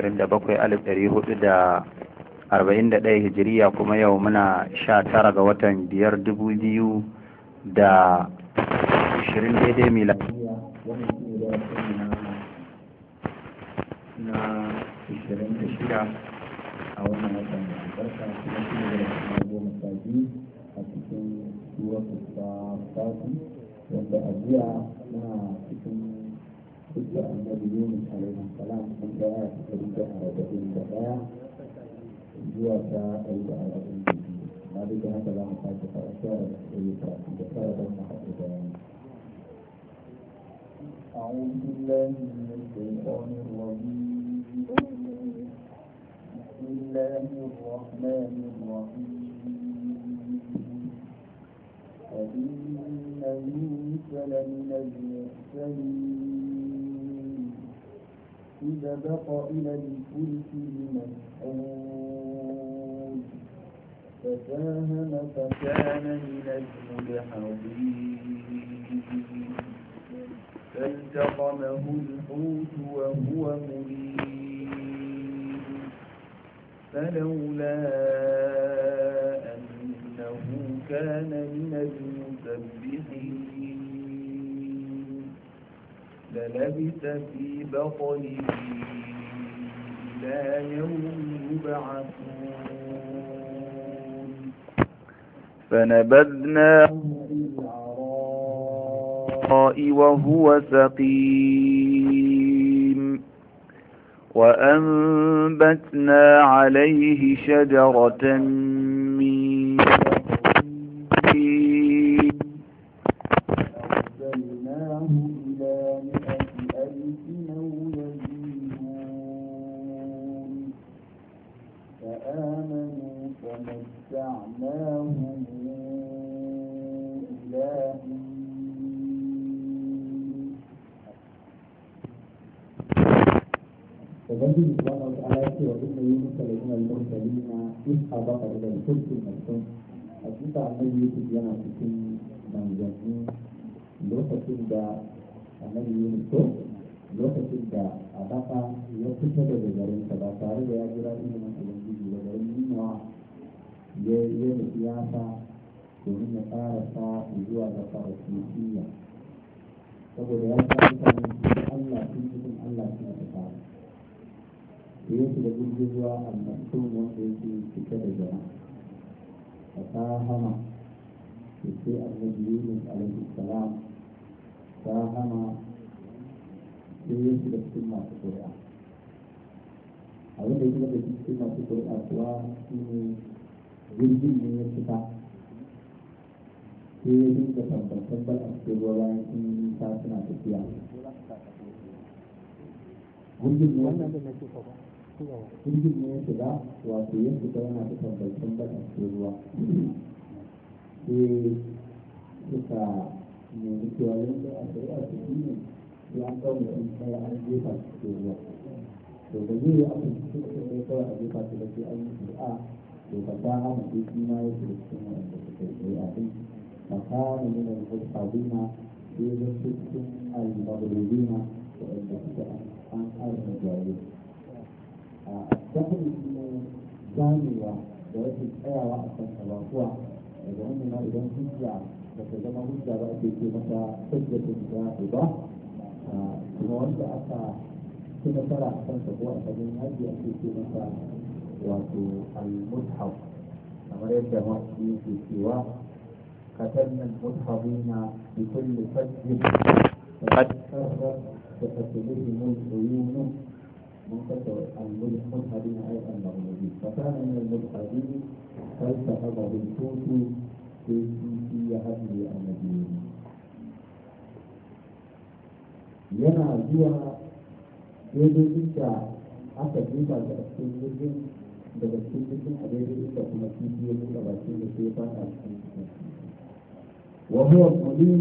21,441 hijiriya kuma yau muna sha tara ga watan biyar da 20 daidai na a wannan watan da albarka kuma shi ne da goma sha a cikin wanda da annabi yunus alaihi salam an ga aya ta ɗari da arba'in da ɗaya zuwa ta ɗari da arba'in da biyu amma duk yi أعوذ بالله من الشيطان الرجيم بسم الله الرحمن الرحيم فإن لمن المرسلين إذا بقى إلى الفلك المسعود فساهم فكان من الجود فالتقمه الحوت وهو مليم فلولا أنه كان من المسبحين للبث في بطنه إلى يوم يبعثون فنبذناه بالعراء وهو سقيم وأنبتنا عليه شجرة من siyasa domin ya fara sa zuwa ga farasiyya saboda ya sa mutanen su Allah sun fi sun Allah sun na fita da ya da jirgin zuwa a mutum wanda yake cike da jama'a a hama da ke annabi Yunus alaihi salam hama da ya da cikin masu kura abinda da ya da cikin masu kura kuwa shi ne jirgin ne kita fita sai ya dinga tabbatar a cikin ruwa bayan sun yi nisa kita tafiya jirgin ne jirgin ne ya shiga wato di fita yang da tabbatar bal a di ruwa sai suka nemi cewa yanzu a shari'a su ne to ba ta hana sai shi ma da shiga cikin waɗanda suka yi shari'a din makana min al-mutabina sai ya zo cikin al-mabrubina waɗanda suka an arna jari a dafin shi ne ganewa da rashin tsayawa a kan tabakuwa daga wannan hujja ba zama hujja ba ake ce mata hujjatun ja'i ba aka ci nasara a kansa ko ake ce wato al-mushaf kamar yadda masu yake cewa katanna al-mushafina bi kulli fajjin فقد تفتلهم العيون منتصر الملحدين ايضا مغلوبين فكان من الملحدين فلسفه بالصوت في في هذه المدينه yana zuwa daidai inda aka jefa da cikin jirgin daga cikin abin da kuma cikin ya buɗe bakin da sai ya fada cikin وهو قديم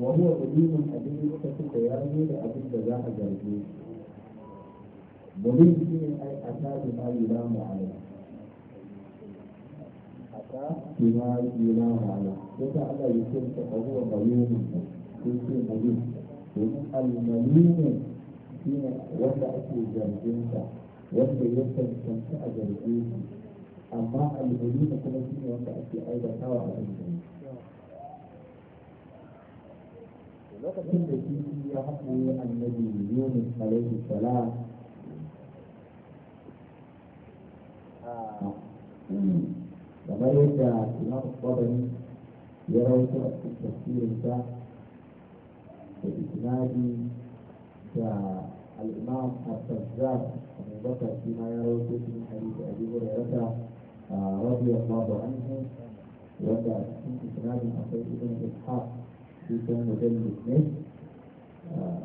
وهو قديم abin lokacin da ya zo da abin da za a zarge mulim shi ne ai a ta bi ma yi ramu ala a ta bi ma yi ramu ala ko ta ala yi ce ta ƙaruwa malumi ko ce mulim domin al-malumi shi ne wanda ake zargin sa wanda ya tantance a zarge shi amma alhulima kuma shi ne wanda ake aibatawa a zarge lokacin da shi ya haɗu annabi yunus alaihi salam kamar yadda imam kwabani ya rawaito a cikin tafsirinsa da isnadi da al-imam al-sazzar tabbata shi ma ya rawaito shi ne hadisi abi hurairata ah, radiyallahu anhu wanda a cikin isnadin akwai ibn ishaq shi kan mujallid ne ah,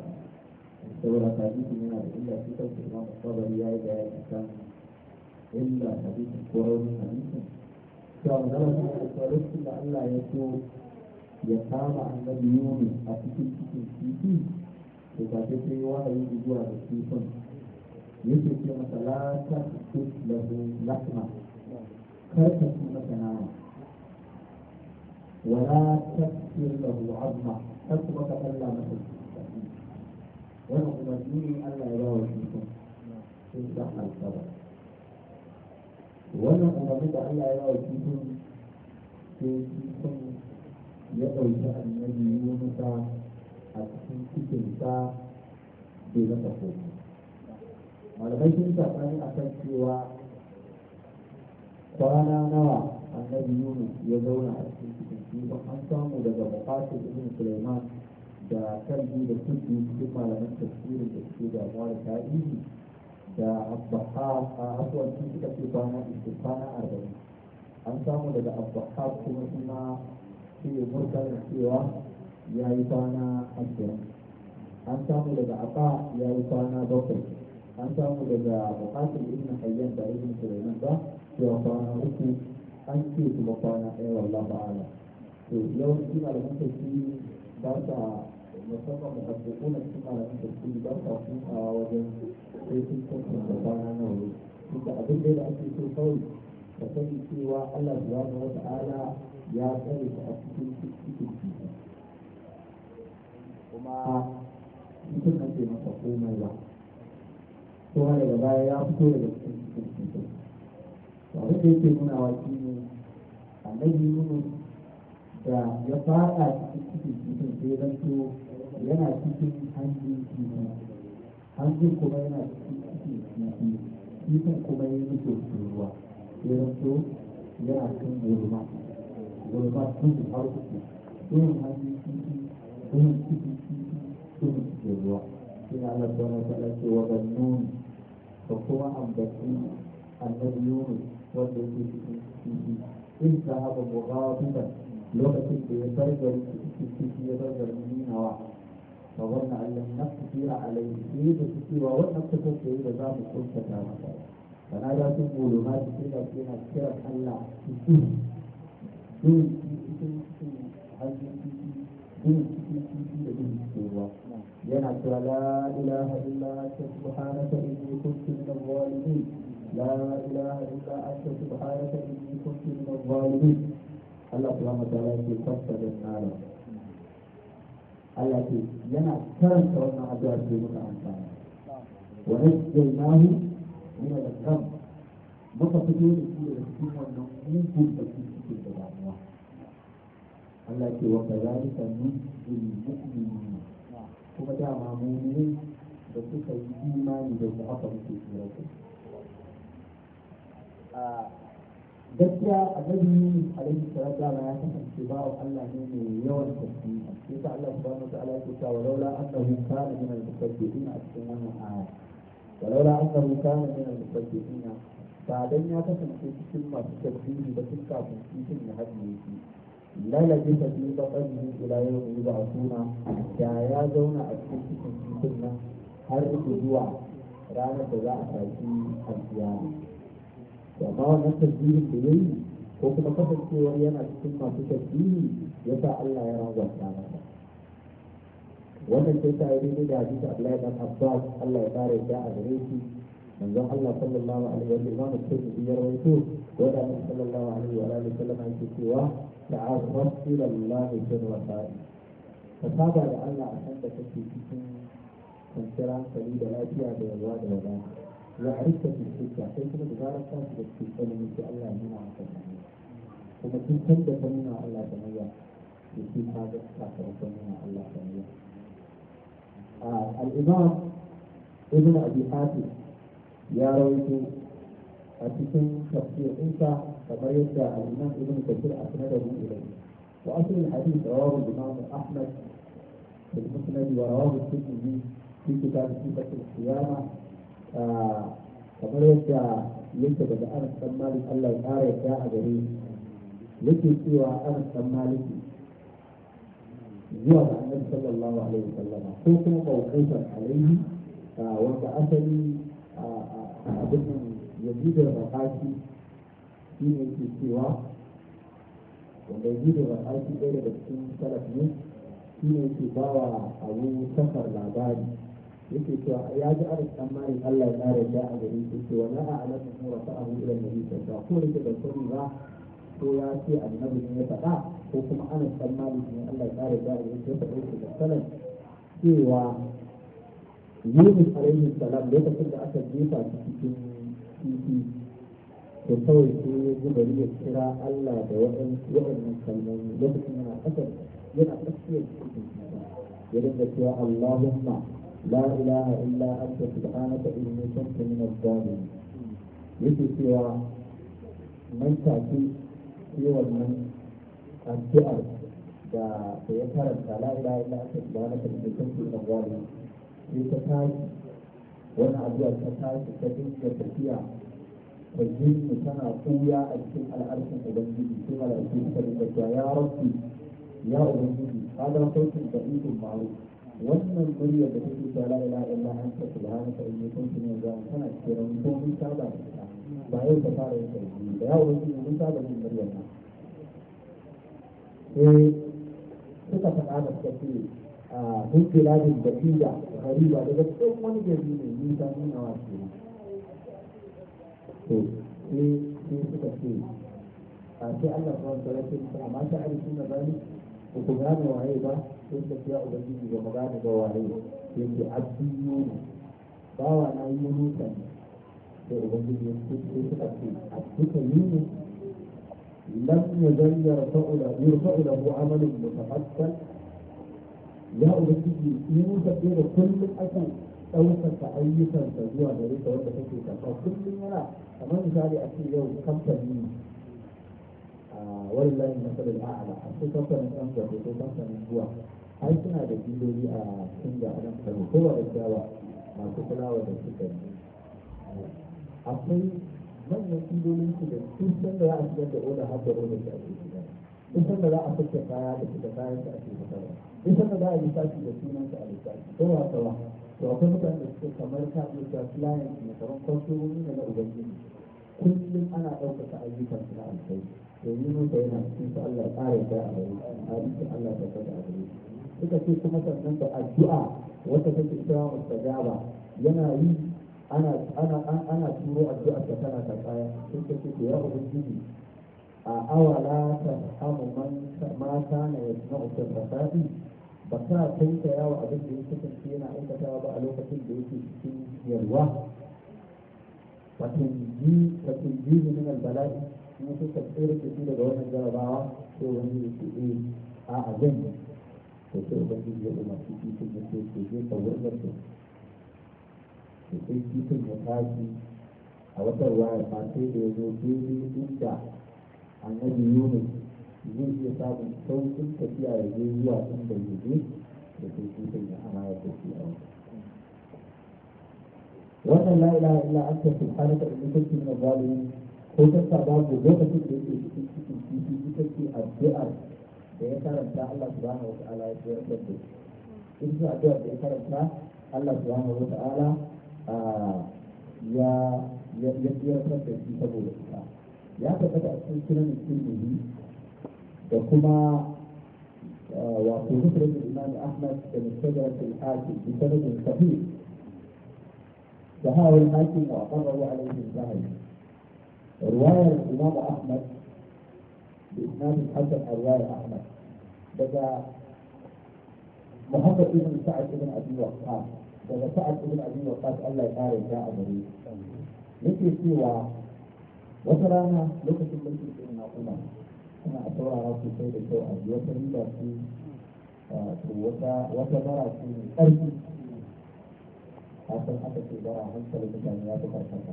saboda hadisin yana da illa shi kan imam al-qabari ya yi bayani kan illa hadisin ko raunin hadisin to a magana shi ne da lokacin da Allah ya so ya kama annabi yuni a cikin cikin titi to ba sai sai wahayi zuwa da kifin yake ce masa la ta kusur lahu lakma kar ka ci masa nama wala ta kusur lahu azma kar kuma ka kalla masa wannan umarni ne Allah ya ba wa shi kun sun sa alƙaba wannan kuma ni da Allah ya ba wa shi kun sai shi kun ya ɗauki annabi Musa a cikin cikinsa bai masa komai malamai sun saɓani a kan cewa kwana nawa annabi yunus ya zauna a cikin cikin kifin an samu daga muqatil ibn sulaiman da kalbi da kudu cikin malaman tafsirin da suke damuwa da tarihi da abbaha a abuwan sun suka ce kwana ishe kwana arba'in an samu daga abbaha kuma suna ce murtarin cewa ya yi kwana ashirin an samu daga abba ya yi kwana bakwai an samu daga bukatar ibn hayyan da ibn sulaiman ba cewa kwana uku an ce kuma kwana ɗaya wallahu a'ala to yawanci malaman tafsiri ba sa musamman muhabbuku na cikin malaman tafsiri ba sa kusawa wajen sai sun da kwana nawa ne duka abin da ake so kawai ka sani cewa Allah subhanahu wa ta'ala ya tsare ka a cikin cikin kuma cikin ake masa komai ba kowa daga baya ya fito daga cikin cikin Wani da yake nuna wa shi ne annabi nuna da ya fada cikin cikin sai zanto yana cikin hanjin kifi hanjin kuma yana cikin cikin cikin cikin kuma ya rike ruwa ya zanto yana cikin gurma gurma cikin har uku irin hanjin cikin irin cikin cikin irin cikin ruwa shi ne Allah wani ta ɗauke wa gannuni da kuma ambaci annabi yunus wanda yake cikin kifi in ta haɓa mughadiban lokacin da ya zargar cikin kifi ya zargar ninawa fa wannan allah na kufira alaihi sai da su cewa wannan kasar da yi da za mu kuntata masa sana da sun bolo ma su kira kira kiran allah su su dun kifi sun su hanyoyi kifi dun kifi kifi da dun ruwa يا نصر لا إله إلا أنت سبحانك إني كنت من الظالمين لا إله إلا أنت سبحانك إني كنت من الظالمين الله سبحانه وتعالى في قصة النار التي لنا كان سوى ما أدعى في مكانك ونجيناه من الغم بفتحون في رسول الله من كل تكتب الله التي وكذلك من المؤمنين kuma dama mummuni da suka yi imani da su haka muke tsira su gaskiya annabi alaihi salatu wa ya kasance ba wa Allah ne mai yawan tasbihi yasa Allah subhanahu wa ta'ala yake cewa laula annahu kana min al-musabbihin a cikin wannan aya walaula annahu kana min al-musabbihin ba dan ya kasance cikin masu tasbihi ba tun kafin cikin ya hadiye shi lalabi ta fi bakarihi ila yau da yuba suna da ya zauna a cikin cikin cikin nan har uku zuwa ranar da za a tashi alkiyama da amma wannan tasbihin da yayi ko kuma kasancewar yana cikin masu Ya sa Allah ya rangwanta masa wannan sai ta yi daidai da hadisi Abdullahi dan Abbas Allah ya kare ya a gare shi manzon Allah sallallahu alaihi wa sallam ya rawaito ولا النبي صلى الله عليه وعلى اله وسلم عن سواه تعرفت إلى الله في الرسائل فصابع لأن أحسنت في سن كنتران سليل لا فيها بأبواد ولا وعرفت في الحجة حيث بذلك كانت في الألم في الله منا عن تنمية وما في كنت تنمية الله تنمية في هذا الكافر تنمية الله تنمية آه، الإمام ابن أبي حاتم يا رويت a cikin tafsirinsa kamar yadda al-Imam Ibn Kathir asnadahu ilayhi wa asl al-hadith rawahu al-Imam Ahmad في المسند ورواه الترمذي في كتاب صفة القيامة kamar yadda yake daga Anas dan Malik Allah ya kare ya a gare yake cewa Anas dan Malik zuwa ga Annabi sallallahu alaihi wasallam ko kuma mawqufan alaihi wanda asali abin da bakaki shi ne ke cewa wanda da bakaki ɗaya daga cikin salaf ne shi ne ke ba wa abu safar labari yake cewa ya ji arz dan mari Allah ya ƙara ya a gare shi cewa na a alaƙa mura ta abu ilan nabi ba ko yake da sani ba ko ya ce a na ne ya faɗa ko kuma ana dan ne Allah ya ƙara ya a gare shi ya faɗa shi da salaf cewa Yunus alaihi salam lokacin da aka jefa cikin kifi da kawai sai yi ji bari ya kira Allah da waɗannan kalmomi lokacin yana ƙasar yana tsakiyar cikin kifa ya dinga cewa Allahumma la ilaha illa anta subhanaka inni kuntu min adh-dhalimin yake cewa nan take sai wannan addu'ar da da ya karanta la ilaha illa anta subhanaka inni kuntu min adh-dhalimin sai ta tashi wani addu'a ta tashi ta dinka tafiya ta jinni tana kuya a cikin al'arshin ubangiji sai malaiku ta dinga ta ya rabbi ya ubangiji da sautin da ikon maru wannan murya da take da la ilaha illa anta subhanaka inni kuntu min zalimin tana cikin rauni ko mun saba da ita ba yau ta fara yin sarki da ya ubangiji mun saba da muryar ta sai eh, suka faɗa da suka sun da batiya gariba daga cikin wani gari ne ni ta nuna wa ke to sai sai suka ce a sai Allah ta tsara cikin ta amma ta aiki na bani ko ku gane waye ba sai ta ubangiji mu gane ba waye abdiyu ne yi ne sai ubangiji ya ce suka ce a duka yi ne lam yazal yarfa'u lahu mutafakkan ya ubangiji mun tafi da kullum akan ɗaukaka ta zuwa gare ka wanda kake karɓa kullum yana kamar misali a ce yau kamfani a na masalar a'ala a ce kamfanin ɗan gaba ko kamfanin zuwa ai suna da biloli a cikin da nan kano ko ba da kyawa masu kulawa da suka yi akwai manyan bilolin su da sun san da za a shigar da oda har da oda su ake shigar sun san da za a fitta kaya da suka kayan su ake ba. in ka za a yi lissafi da sunansa a lissafi ko ba ka ba to akwai mutane da suke kamar ta da client ne kamar kwastomomi ne na ubangiji kullum ana ɗaukaka ayyukan su na alkhairi to yi nuka yana cikin su Allah ya ƙara da a gari hadisin Allah ta kada a gari suka ce kuma sannan da addu'a wata take ita mustajaba yana yi ana ana ana turo addu'a ta tana ta kaya suka ce ya ubangiji a awala ta samu mata na ya na usul fasadi ba ta tauta yawa abin da ya kasance yana aikata ba a lokacin da yake cikin yarwa fatin jihu min albala'i in suka tsere su daga wannan jarabawa ko wani ya ce eh a a zan yi to sai ubangiji ya umarci titin ya ce ke je ka wurgar da su sai titin ya tashi a wata ruwa ya fasai da ya zo daidai inda annabi yunus zai iya samun sauƙin tafiya da zai zuwa inda ya je da ke tutan da ana ya tafi a wannan ila aka fi hana ta inni kuntu min zalimin ko ta babu lokacin da yake cikin cikin kifi ita ce addu'ar da ya karanta Allah subhanahu wa ta'ala ya tsayar da In ita da ya karanta Allah subhanahu wa ta'ala ah, ya ya tsayar da shi saboda ya tabbata a cikin sunan tirmidhi da kuma wato muslim imam ahmad da mustadrak al-hakim bi sanadin sahih da hawa al-hakim wa aqarrahu alayhi al-zahabi رواية الإمام أحمد بإسناد الحسن رواية أحمد بدا محمد بن سعد بن أبي وقاص بدا سعد بن أبي وقاص الله يقارن جاء بريء يكفي سوى wata rana lokacin da ɗin na kuma suna a saurara sai da kyau a ji wata riba ce to wata bara su ne ƙarfi a san aka ce bara hankalin mutane ya fi ƙarfin ka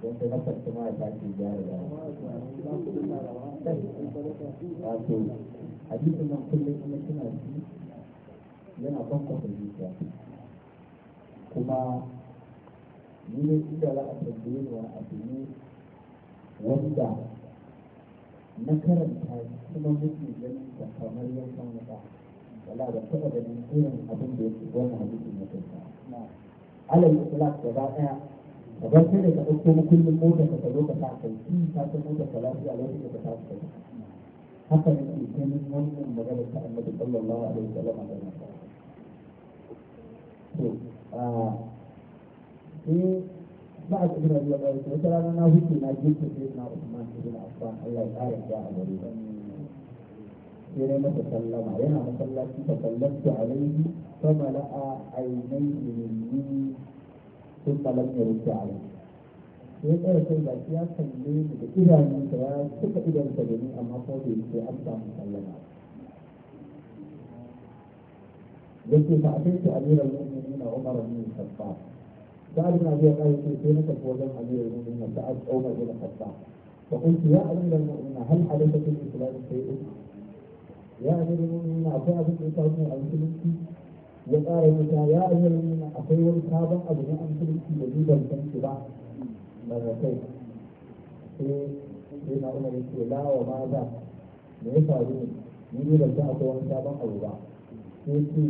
don sai na karfi ma ta ke gyara da wato a jikin nan kullum kuma suna ji yana kwakwata zuciya kuma ni ne inda za a tambaye ni wani abu ne wanda na karanta kuma muke ganin da kamar yankan wuta wala da taba ganin irin abin da yake wannan hadisin ya kai alal islam gaba ɗaya kamar sai da ka ɗauko mukullin mota ka ka ka sa kai shi ka san mota ka lafiya lokacin da ka sa kai haka ne ke ganin wannan magana ta annabi sallallahu alaihi wasallam da nan to eh بعد ابن رضي الله عنه وسلم أنه هكنا جيت سيدنا عثمان بن عفان الله تعالى يا أبو سيرنا تسلم علينا مسلم تسلمت عليه فملأ عينيه مني ثم لم يرد عليه sai tsara sai ba ya kalle ni da idanunsa ya suka idansa da ni amma ko bai ce an samu sallama yake fa a kai ta amiran mu'minin Umar bin Khattab سعد بن ابي وقاص في سيره فوزن امير المؤمنين سعد عمر بن الخطاب فقلت يا امير المؤمنين هل حدث في الاسلام شيء؟ يا امير المؤمنين اخاف الاسلام او سلوكي وقال موسى يا امير المؤمنين اخي والكعبه ابو نعم سلوكي يزيد الشمس بعد مرتين sai na umar ya ce la wa ma za me ya faru ne ni ne ban san akwai wani sabon abu ba sai ce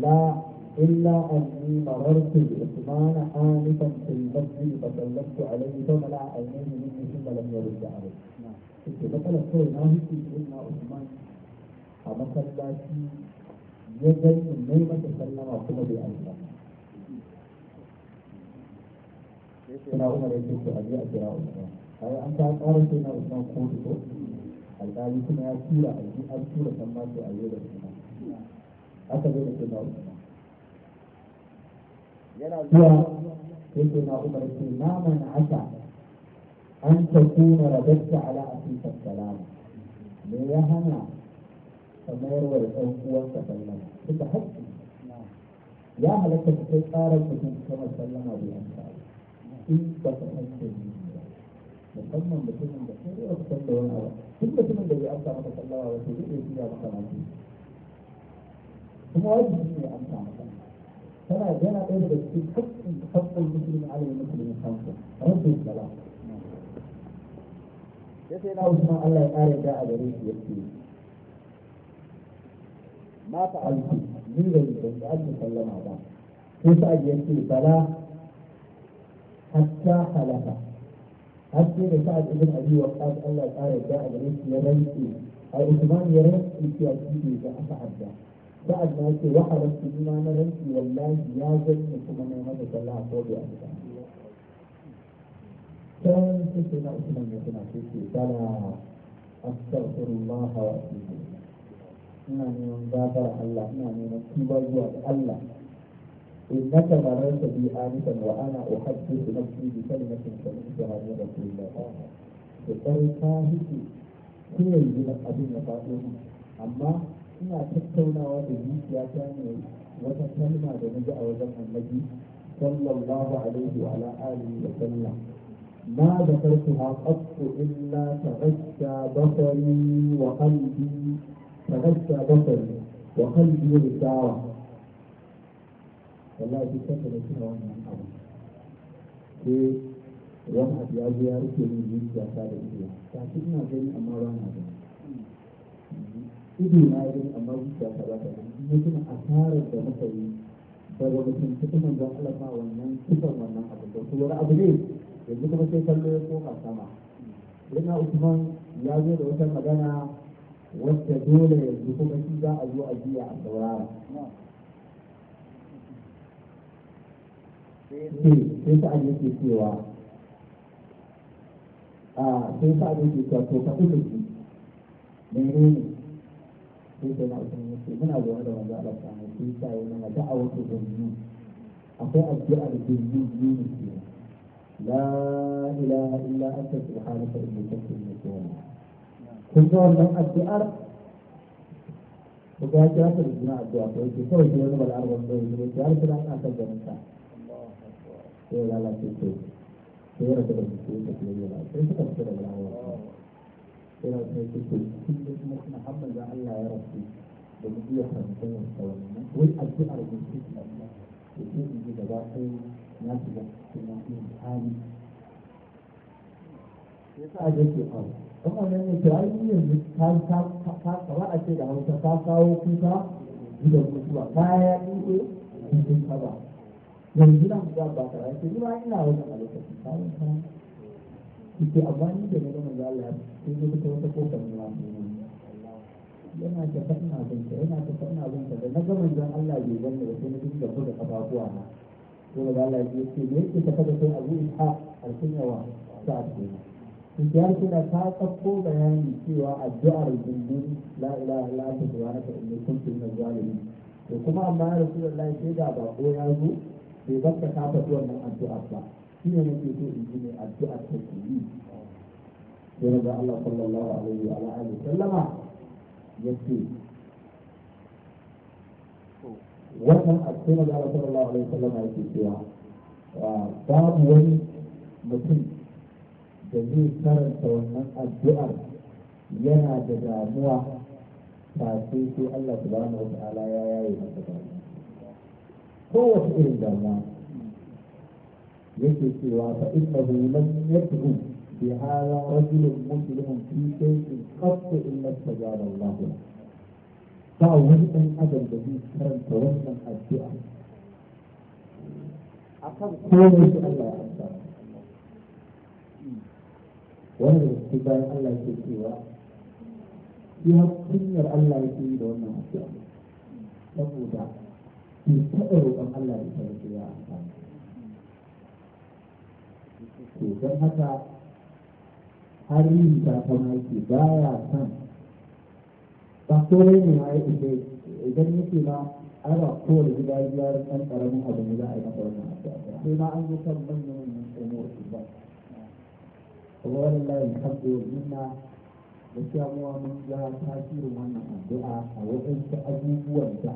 la إلا أني مررت بعثمان حانفا في المسجد فسلمت عليه فملع عينيه مني ثم لم يرد عليه. نعم. يجب ان يكون هناك افضل من اجل ان يكون هناك افضل من اجل ان يكون هناك افضل من اجل ان يكون هناك افضل ان يكون هناك افضل من اجل ان يكون هناك افضل من اجل ان يكون هناك افضل من اجل ان يكون هناك افضل من اجل ان يكون هناك افضل من اجل ان يكون هناك افضل من اجل ان يكون يا سيدنا عمر يقول ما منعك أن تكون رددت على أخيك السلام me ya hana ka mayarwa da ɗan uwanka sallama duka haƙƙi ya halatta ka kai tsarar mutum kamar sallama da yanka in ba ka haƙƙi ba musamman mutumin da kai yau san da wani abu duk mutumin da bai amsa maka sallama ba sai zai iya maka mafi kuma wajibi ne amsa maka tana yana ɗaya daga cikin haƙƙin haƙƙin musulmi alal musulmi kansu rabbin salam Ya sai na usman Allah ya ƙara da a gare shi yake ma fa alku ni da ni da Allah sallama ba sai sa yake bala hatta halaka har sai da sa'ad ibn abi waqqas Allah ya ƙara da a gare shi ya rantsi a usman ya rantsi cewa shi ne da aka adda بعد ما يكون وحدة سنين عملا والله يازل نكون من يمد الله فوق يعني كان سيسي نأتنا من يتنا سيسي فلا أستغفر الله وأتيه نعني من بابا الله نعني من كبير الله إنك مررت بي آنفا وأنا أحدث نفسي بكلمة كلمتها من رسول الله فقال كاهدي كل يجب أن أبين أما ina tattaunawa da zuciya ta ne wata kalma da na ji a wajen annabi sallallahu alaihi wa ala alihi wa sallam ma da farko ha qattu illa taghashsha basari wa qalbi taghashsha basari wa qalbi risawa wallahi duk kanta da kina wannan abu sai wani abu ya zo ya rike min iya ina gani amma ba ido na yi amma zuciya ta ba ta gani ya tuna asarar da muka yi daga mutum cikin manzon Allah ma wannan kifan wannan abu. da wani abu ne yanzu kuma sai kallo ya koma sama yana Usman ya zo da wata magana wacce dole yanzu kuma shi za a zo a jiya a saurara sai sa'ad yake cewa a ah, sai sa'ad yake cewa ne sai sai na usman yace muna zaune da manzo Allah ta ne sai sai yana da'awatu dunnu akwai addu'a da dunnu ne ke la ilaha illa anta subhanaka inni kuntu minadh zalimin kun ga wannan addu'ar ko ga ta ta suna addu'a ko ce kawai sai wani bal'arwa da yake ya rasa an aka ganin ta sai lalace ko sai ya rasa da su ta ce yana sai suka fita da bal'arwa yana da yake ce kullum kuma Muhammad da Allah ya rasu da mu iya fahimtar da wai addu'ar mu ce ta Allah da ke gaba sai na shiga cikin hali yasa yake abu nan ne ta yi yanzu ta ta ta ba a ce da Hausa ta kawo kuka gidan mutuwa kaya yanzu nan ba ba ta rai ce ina wani a lokacin ta suke amma ni da gama zala sai zo ta wata kofar ne yana ta fadin abin yana ta fadin abin da na gama zan Allah bai zanne da sai na da buga kafafuwa na sai da zala ya ce me yake ta kada sai abu isha alkunyawa ta ce Kinki ya kira ta tsakko bayani cewa addu'ar gindin la ilaha ta na zalimi. kuma amma ya rasu da sai ba ko ya zo bai baka ta ba. shi ne nake so in ji mai addu'a ta ke yi sai na ga Allah sallallahu alaihi wa alihi sallama ya wannan a da Allah sallallahu alaihi wa sallama yake cewa ah, babu wani mutum da zai karanta wannan addu'ar yana da damuwa kafin sai Allah subhanahu wa ta'ala ya yaye masa damuwa kowace irin damuwa yake cewa fa innahu lam yad'u bi hadha rajulun muslimun fi shay'in qat illa istajaba Allah ba wani ɗan adam da zai karanta wannan addu'a akan komai shi Allah ya amsa wani da cikin bayan Allah ke cewa shi kunyar Allah ya yi da wannan addu'a saboda bai taɓa roƙon Allah ya karanta ya to don haka har yi ta kama yake ba ya san ba kore ne ma ya idan yake ma ai ba kowane gida ya ɗan ƙaramin abu ne za a yi masa wannan na sai ma an zo kan manyan manyan umar su ba kuma wani layin kabbe minna da cewa mun ga tasirin wannan addu'a a waɗansu abubuwan da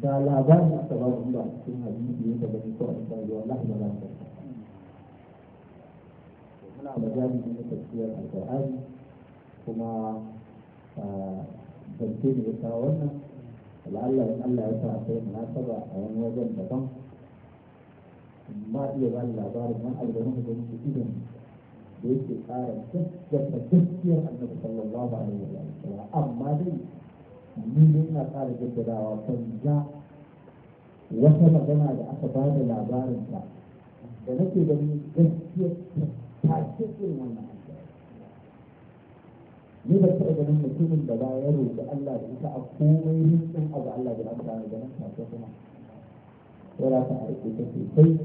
da labarin sababin ba mu cikin hadisi ne da ba ko a cikin wallahi ba za على مجال من تفسير القرآن كما تمثيل بتاعنا لعل ان الله يسعى في مناسبة او ان وجد لكم ما هي بان العبارة ما البنون بنون كثيرا بيت الآية تسجد تفسير النبي صلى الله عليه وسلم اما دي مين قال جد دعوة فنجا وسبقنا لأخبار العبارة دلوقتي بني تفسير تفسير مع الشكر والمحبة ni ba ta ganin mutumin da ba ya roƙi Allah da ita a komai rikin abu Allah da aka gane ganin ta kuma wala ta aiki ta sosai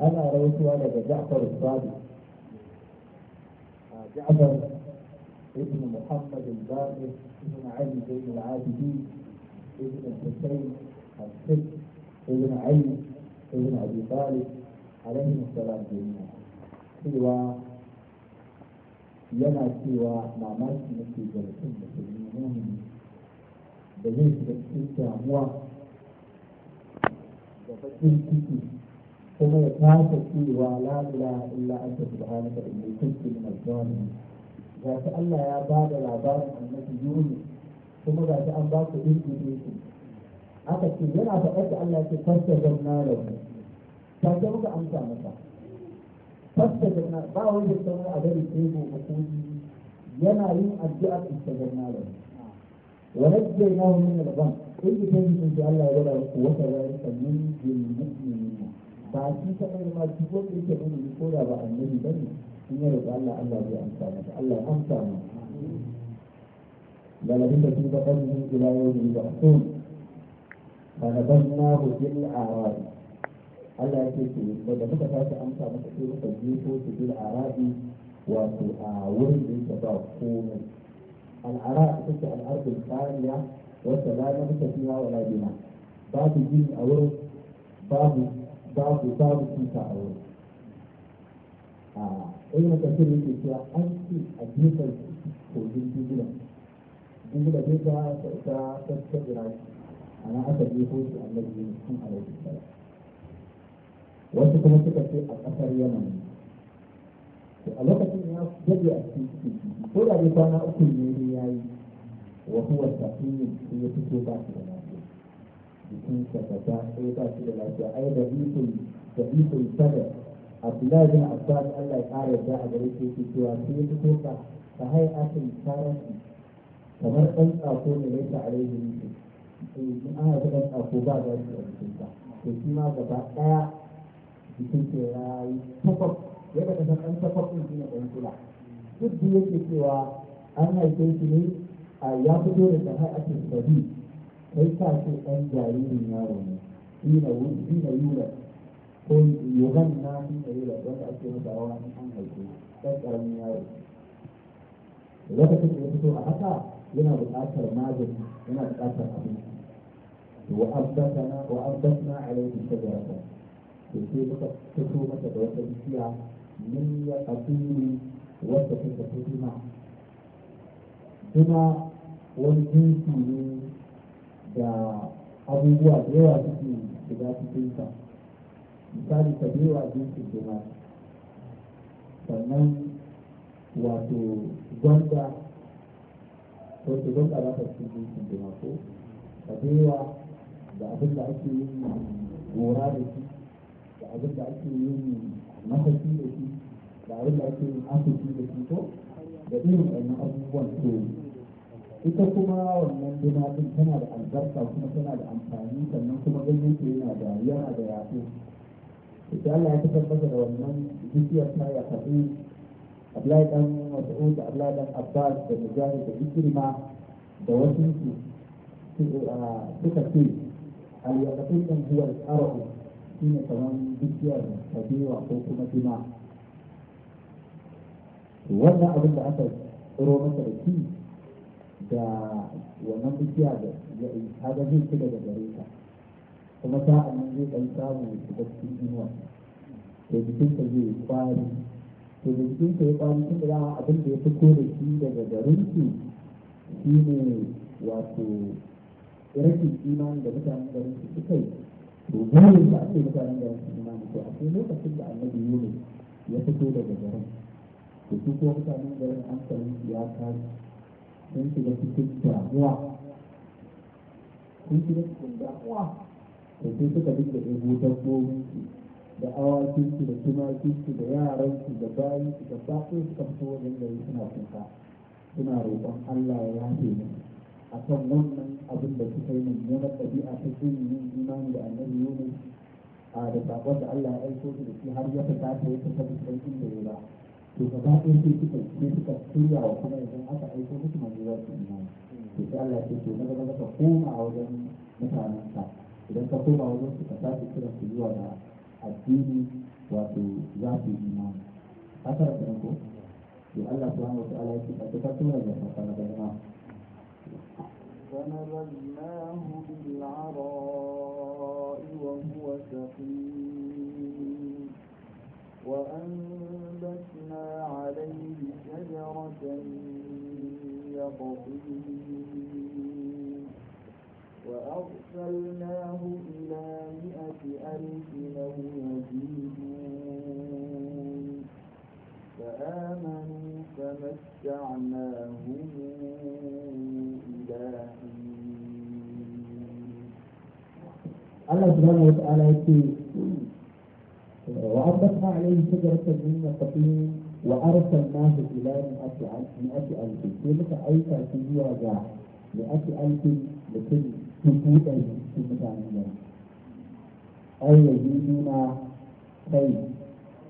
ana rawaituwa daga Ja'far Sadiq جعفر ابن محمد الباقر ابن علي بن العابدين ابن الحسين السبت ابن علي ابن ابي طالب عليهم السلام جميعا cewa yana cewa mamaki na ke zarfin da ke nuna da zai shiga cikin damuwa da bakin ciki kuma ya kasa cewa la ilaha illa anta subhanaka inni kuntu min az-zalimin ga shi Allah ya ba da labarin annabi Yunus kuma ga shi an ba ku dindindin shi aka ce yana faɗar da Allah ke ce fasta zanna lahu ta ce muka amsa masa fastajabna ba wanda sanar a gari sai gobe ko yana yin addu'a fastajabna ba wa najjaynahu min na gham in ji tayi sun Allah ya gwada ku wata zalika min al-mu'minin ba shi ta kai ma shi ko yake mun ko da ba annabi bane in ya roƙi Allah Allah zai amsa masa Allah ya amsa masa a في بطنه إلى يوم يبعثون فنبذناه a الأعراب Allah ya ce to da muka tashi amsa maka sai muka je jefo su bil arabi wato a wurin da yake ba komai al'ara ita ce al'ardul qariya wacce la na muka fiha wala bina babu jin a wurin babu babu babu tuta a wurin a ibn kasir yake cewa an ce a gefen kogin dubula dubula dai ta ta ta ta ana aka jefo shi annabi ne sun alaihi salam wasu kuma suka ce a ƙasar yaman a lokacin ya daɗe a cikin ciki ko da dai kwana uku ne ya yi wa huwa safiyin sai ya fito ba shi da lafiya ta ta sai ba shi da lafiya ai da bitul da bitul sadar abdullahi bin abbas allah ya ƙara yarda a gare shi yake cewa sai ya fito ka ka hai asin tarihi kamar ɗan tsako ne ya ta alaihi ne eh, in an haifi ɗan tsako ba za su yi a jikinsa to shi ma gaba ɗaya jikin ce ya yi takwas ya daga san an takwas ɗin shi ne ɗan kula duk da yake cewa an haife shi ne ya fito da sahai ake sabi kai sa ce ɗan jaririn yaro ne shi na wuri na yura ko yogan na shi na yura wanda ake masa rawa an haife ɗan ƙaramin yaro lokacin da ya fito a haka yana buƙatar magani yana buƙatar abinci وأنبتنا وأنبتنا عليه شجرة to sai muka fito mata da wata bishiya min ya kaduri wanda take hidima kuma wani jinsi ne da abubuwa da yawa suke shiga cikinsa misali ka bewa jinsin duma sannan wato gwanda wato gwanda ba ta cikin jinsin duma ko ka bewa da abin da ake yin gora da shi abin da ake yin masashi da shi da abin da ake yin asibiti da shi ko da irin wannan abubuwan to ita kuma wannan duna din tana da albarka kuma tana da amfani sannan kuma ganyen ta yana da yana da yato ita Allah ya tabbatar da wannan bishiyar ta ya faɗi Abdullahi dan Mas'ud da Abdullahi dan Abbas da Mujahid da Ikrima da wasu su suka ce al-yaqin huwa al-arab shine ne kamar bishiyar kabewa ko kuma jina wannan abin da aka tsoro masa da shi da wannan bishiya da ya yi zai ci daga gare ta kuma sa'an nan zai ɗan samu shiga cikin inuwa to jikinka zai kwari to da jikinka ya kwari tun da a abin da ya fito da shi daga garin su shi shine wato rashin imani da mutanen garin su suka yi domin da ake mutanen da su imani to akwai lokacin da annabi yunus ya fito daga garin to su ko mutanen garin an kalli ya kashi sun da cikin damuwa sun da cikin damuwa da sai suka dinga ɗebo dabbobinsu da awakinsu da tumakinsu da yaransu da bayansu da baƙo suka fito wajen gari suna kuka suna roƙon allah ya yafe musu a kan wannan abin da suka yi mummunar ɗabi'a ta shi yin imani da annabi yunus da sabon da allah ya aiko su da shi har ya fita ta yi fita da da ya ba to ka ba ɗaya sai suka sai suka shirya wa kuma idan aka aiko musu manzo za su ina to sai allah ce to na gaba ka koma a wajen mutanen ka idan ka koma wajen su ka sake kiran su zuwa da addini wato za su imani a da ko to allah subhanahu wa ta'ala ya ce ka ta tura da na. da فنبذناه بالعراء وهو سقيم وأنبتنا عليه شجرة يقطين وأرسلناه إلى مئة ألف أو يزيدون فآمنوا فمتعناهم Allah subhanahu wa ta'ala yake wa abbatna alayhi shajaratan min yaqtin wa arsalnahu ila mi'ati mi'ati alfi sai muka aika shi zuwa ga mi'ati alfi mutum dubu ɗari su mutane ne ai yanzu na kai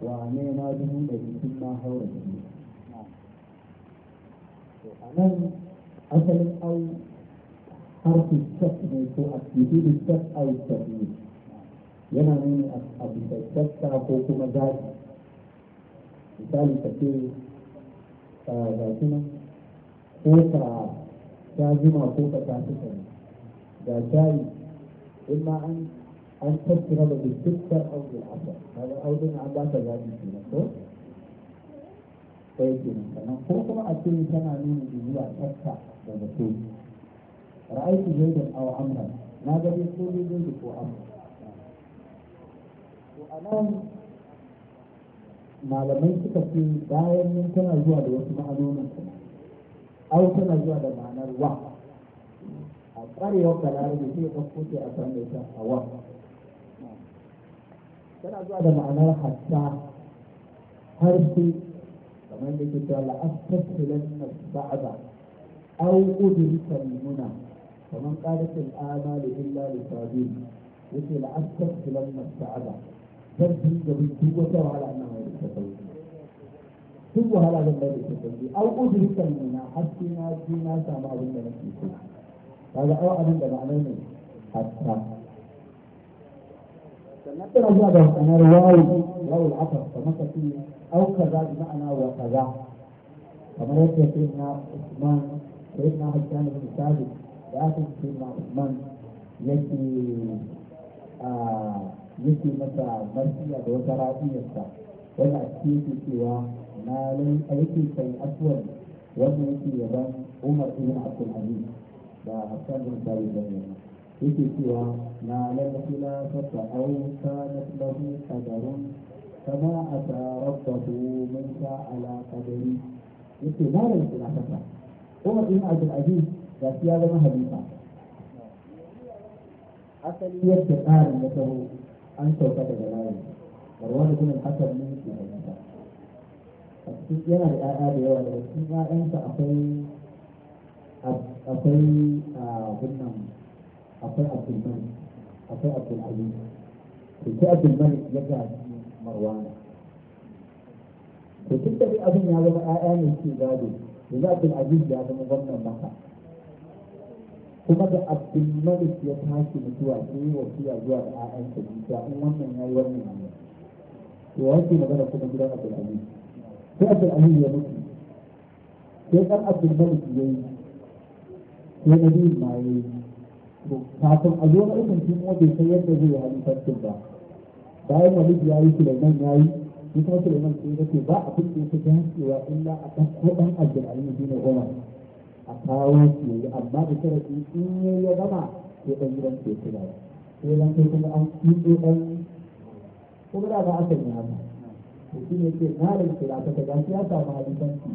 wa ne na dubu da sun na haura da a nan asalin au har su tasiri ko a cikin tasauta ne yana nuna a bisa tasta ko kuma zaɓi misali ka ce ga shi nan ko ka ta zuma ko ka ta fi sani ga shayi in ma an an tattara da dukkan audin asar kaga na an ba ka zaɓi kenan ko ɗaya kenan nan, ko kuma a ce tana nuna zuwa tasta daga mutum ra'aitu zaidan aw amran na ga dai ko dai zaidu ko amran to anan malamai suka ce bayan nan tana zuwa da wasu ma'anonin kuma au tana zuwa da ma'anar wa a ƙwarewar balarabe sai ya ɗauko sai a san da a wa tana zuwa da ma'anar hatta har sai kamar da ke cewa la'astar filan na ba'ada au ƙudurin nuna ومن قالت الآمال إلا مثل يقول في السعادة تنفي قبل قوة وعلى أنها يتسوي ثم هلا بالله يتسوي أو أدرك المنى حتى ناس في ناس أما أظن نفسي هذا أو أظن معنى حتى لكن هذا أنا رواي لو العصر فمثل أو كذا بمعنى وكذا كما يقول سيدنا عثمان سيدنا حسان بن ثابت da aka ce na Usman yake yake masa martiya da wata ra'iyarsa wanda a cikin yake cewa na lai aiki kai aswad wanda yake yaban Umar ibn Abdul Aziz da Hassan bin Sabit da yana yake cewa na lai khilafata aw kanat lahu qadarun kama ata rabbahu min sa'ala qadari yake na lai khilafata Umar ibn Abdul Aziz ga shi ya zama halifa asali yadda tsarin ya taho an sauka daga layin marwan ibn al-hasan ne ke halifa a cikin yana da 'ya'ya da yawa daga cikin 'ya'yansa akwai akwai abin nan akwai abdulmani akwai abdulaziz to sai abdulmani ya gaji marwana to duk da abin ya zama 'ya'ya ne ke gado yanzu abdulaziz ya zama gwamnan maka kuma da abdulmalik ya tashi mutuwa sai yi wasiya zuwa da ƴaƴansa bisa in wannan ya yi wannan ne to ya ce magana kuma gidan abdulaziz sai abdulaziz ya mutu sai ɗan abdulmalik ya yi sai na biyu ma ya yi to kafin a zo na ukun shi kuma bai san yadda zai yi halifancin ba bayan malik ya yi sulaiman ya yi shi kuma sulaiman sai ya ce ba a da ta fi dacewa illa a ɗan ko ɗan abdulaziz shi ne umar a kawo shi yi amma da sharaɗi in ne ya gama sai ɗan gidan ke kula da sai ɗan ke kuma an ɗo ɗan kuma da ba kan yi haka to shi ne ke na da kira ta ta gashi ya samu hadisanci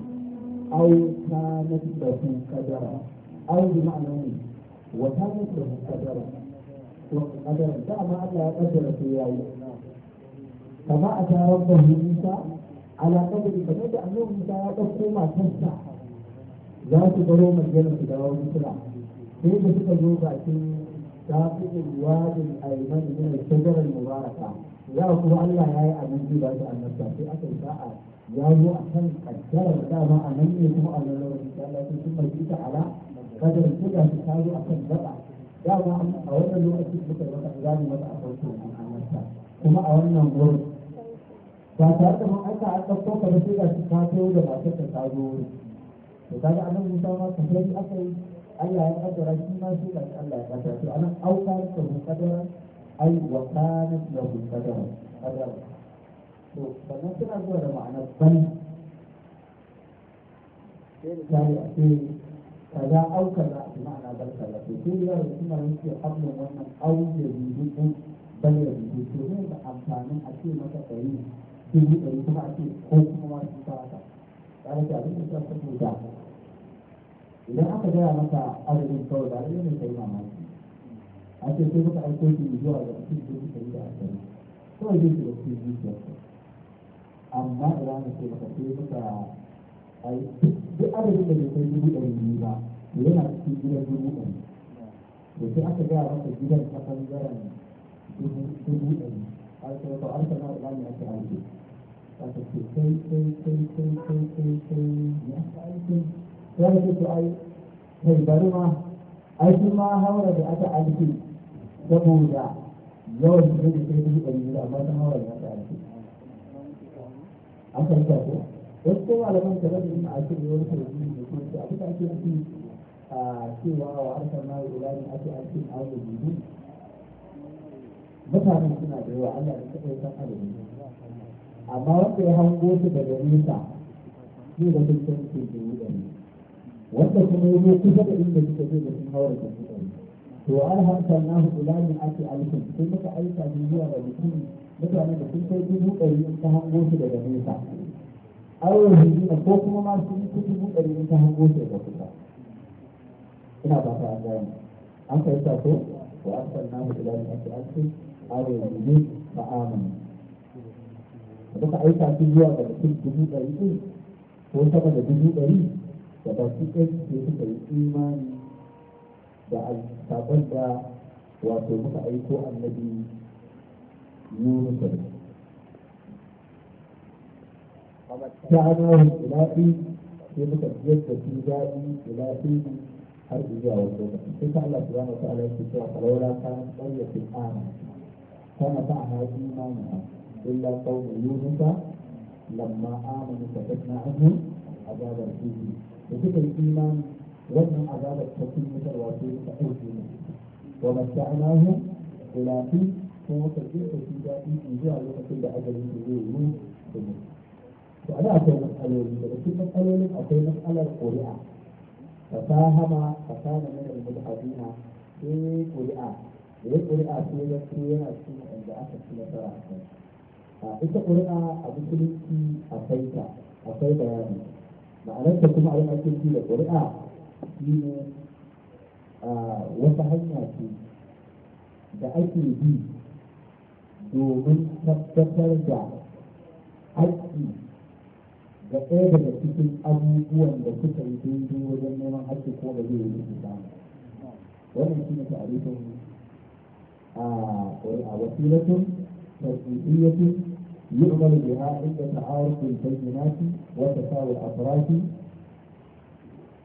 au ta na da su kadara au bi ma'ana ne wa ta na da su kadara to kadara amma Allah ya kaddara sai yayi kama a tarar da Musa ala kadari kamar da annabi Musa ya ɗauko matarsa za su baro madina su dawo kula. sai da suka zo bakin dafi'in wadin aiman min shajarar mubaraka ya kuma Allah ya yi abinci ba shi annabta sai aka yi sa'a ya zo a kan kaddarar dama a nan ne kuma a nan rawar da Allah sai kuma ji ta ala kadar kuka su ta zo a kan Da dama a wannan lokacin suka yi maka zani mata a farko annabta kuma a wannan wurin ba tare da mun a ɗauko ka da sai ga shi ka da matar ta zo wurin to kaga anan Musa ma aka yi Allah ya kaddara shi ma shi da Allah ya kaddara to anan auka ta kaddara ai wa kana lahu kaddara kaddara to sannan suna zuwa da ma'anar ban sai misali a ce kaza auka za a ma'ana ban kaza to sai yau suna yake abin wannan biyu rubutu ban da rubutu ne da amfanin a ce maka ɗari dubu ɗari kuma a ce ko kuma ma ta fara tsarin abin da ta saboda idan aka gaya maka adadin kawai ba zai kai mamaki a ce sai muka aiko shi zuwa ga cikin dubu ɗari da ashirin kawai zai shiga cikin zuciyarsa amma idan aka ce maka sai muka duk adadin da bai kai dubu ɗari biyu ba yana cikin gidan dubu ɗari da sai aka gaya maka gidan ta ɓangaren dubu ɗari har sai ka arsa na ila ne ake aiki aka ce kai kai kai kai kai kai kai ya ka aiki ya ka ce ai ma ma haura da aka aiki saboda yawan da zai kai da ɗari da, amma ta haura da aka aiki an fahimta ko wasu ko malaman ka zai yi a cikin wani sarki da kuma ce abin da ake nufi a cewa wa harkar na yi ulani ake aikin aure biyu mutane suna da yawa Allah ya taɓa yi san adadin amma wanda ya hango su daga nesa shi da sun san su da ne wanda kuma ya zo kusa da inda suka je da sun haura da wudari to an hanta na hudu lamin ake alfin sai muka aika ne zuwa da mutum mutane da sun kai dubu ɗari in ta hango su daga nesa aure hijina ko kuma ma su yi dubu ɗari in ta hango su daga kusa ina ba ta an gane an fahimta ko wa an sanna hudu lamin ake alfin aure hijina ba mana. muka aika su zuwa ga mutum dubu ɗari ɗin ko sama da dubu ɗari da ba su ɗan ke suka yi imani da sabon da wato muka aiko annabi yunus da ta hanyoyin ila'i sai muka biyar da su daɗi ila'i har zuwa wasu lokaci sai ta Allah subhanahu wa ta'ala yake cewa falawla kana qaryatin amanat kana ta'ana imanuha إلا قوم يونس لما آمنوا كتبنا عنهم عذاب الجيل وذكر الإيمان ومن عذاب التسليم الوسيل فأوجينا ومتعناهم إلى حين ثم تجيء في ذاتي من جهة لتقل أجل الجيل فأنا أقول مسألة ولكن مسألة أقول مسألة القرآن فساهم فكان من المدحدين في قرآن ليه قرآن في يكفي يكفي عند أكثر من a ita ƙuri'a a musulunci saita a akwai bayani ma'anarta kuma a yi da ƙuri'a shi ne wata hanya ce da ake bi domin tabbatar da haƙƙi ga ɗaya daga cikin abubuwan da suka yi daidai wajen neman haƙƙi ko da zai yi ba wannan shi ne ta a ƙuri'a wasilatun tasiriyatun يؤمن بها عند تعارف البينات وتساوي الأطراف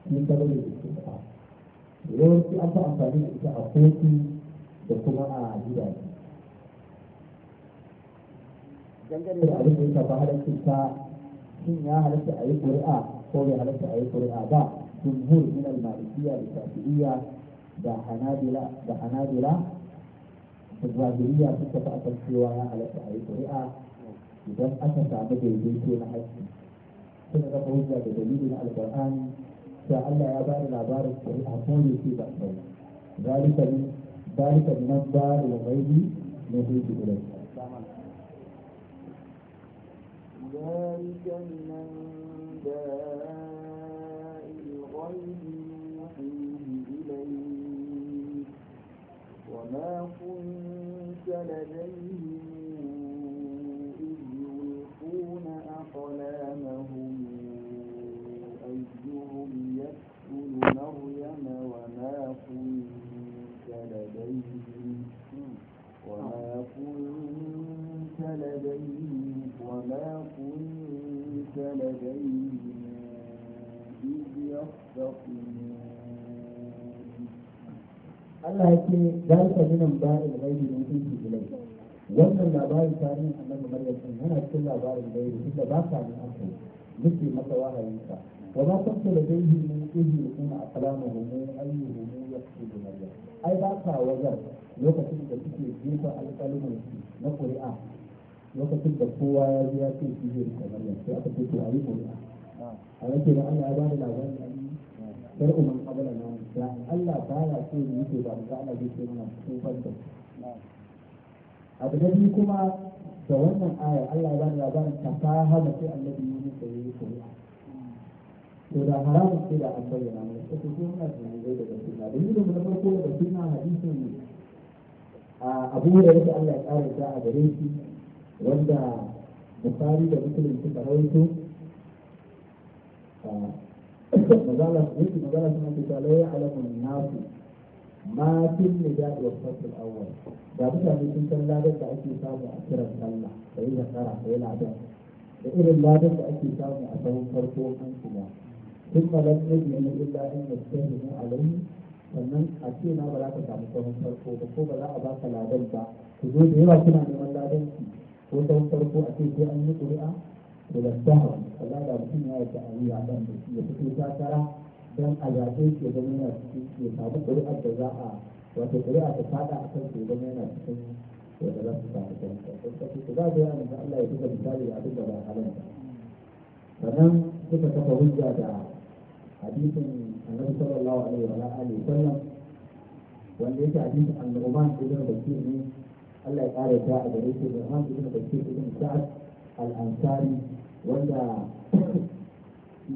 في سبب الاستقطاع. yawanci an fi amfani da ita a kotu da kuma a gidaje. Dangane da abin da ya shafa ta shin ya halatta a yi ko bai halatta a yi ba jumhur min al-malikiyya da da hanabila da hanabila da suka fi cewa ya halatta a yi idan aka samu daidaito na haƙƙi suna da hujja da dalili na alƙur'ani sai Allah ya bada labarin shari'a ko ne ce ba sai zalika min zalika min daru ghaibi ne hujji ilai ذلك من أنباء الغيب نوحيه إليك وما كنت لديه Allah ya ce zalika min anba'il ghaibi min kunti ilai wannan labarin tarihin annabi Maryam din yana cikin labarin gaibi da ba ka ne aka nufi masa wahayin sa wa ma kunta ladayhi min izi kuma a aqlamuhum ayyuhum da Maryam ai ba ka wajen lokacin da suke jefa su na ƙuri'a lokacin da kowa ya ji ya ce shi zai rika Maryam sai aka ce to yi ƙuri'a a yake da Allah ya ba da labarin Kar umar qabla na da Allah baya so ne yake ba mu Allah zai ce mana kofar da abu da bi kuma da wannan aya Allah ya bani ta fasaha da sai annabi Yunus da yayi kuri'a to da haramun sai da an bayyana mana ko ko muna tunani daga sunna da yadda mun farko daga sunna hadisin ne abu da yake Allah ya ƙara da a gare shi wanda Bukhari da Muslim suka rawaito magana yake magana sun ake ta laye alamun nasu ma fil nida wa fasil da mutane sun san ladar da ake samu a kiran sallah da yi nasara da yi ladar da irin ladar da ake samu a tsawon farko an shiga sun malam ne ne na illa in da suke himu alayhi sannan a ce na ba za ka samu tsawon farko ba ko ba za a baka ladar ba ku zo da yawa kuna neman ladar ki ko tsawon farko a ce sai an yi ƙuri'a daga sahar Allah da mutum ya yi ta'ayi a kan da ya fito tara don a zaɓe ke zama yana cikin ke samu ƙuri'ar da za a wato ƙuri'a ta faɗa a kan ke zama yana cikin wanda za su samu kanta don kasu su za su yi annabi Allah ya buga misali da abin da ba halanta sannan suka kafa hujja da hadisin annabi sallallahu alaihi wa alihi sallam wanda yake hadisin annu'man ibn bakir ne Allah ya ƙara ta a gare shi da Umar ibn bakir ibn Sa'ad al-Ansari wanda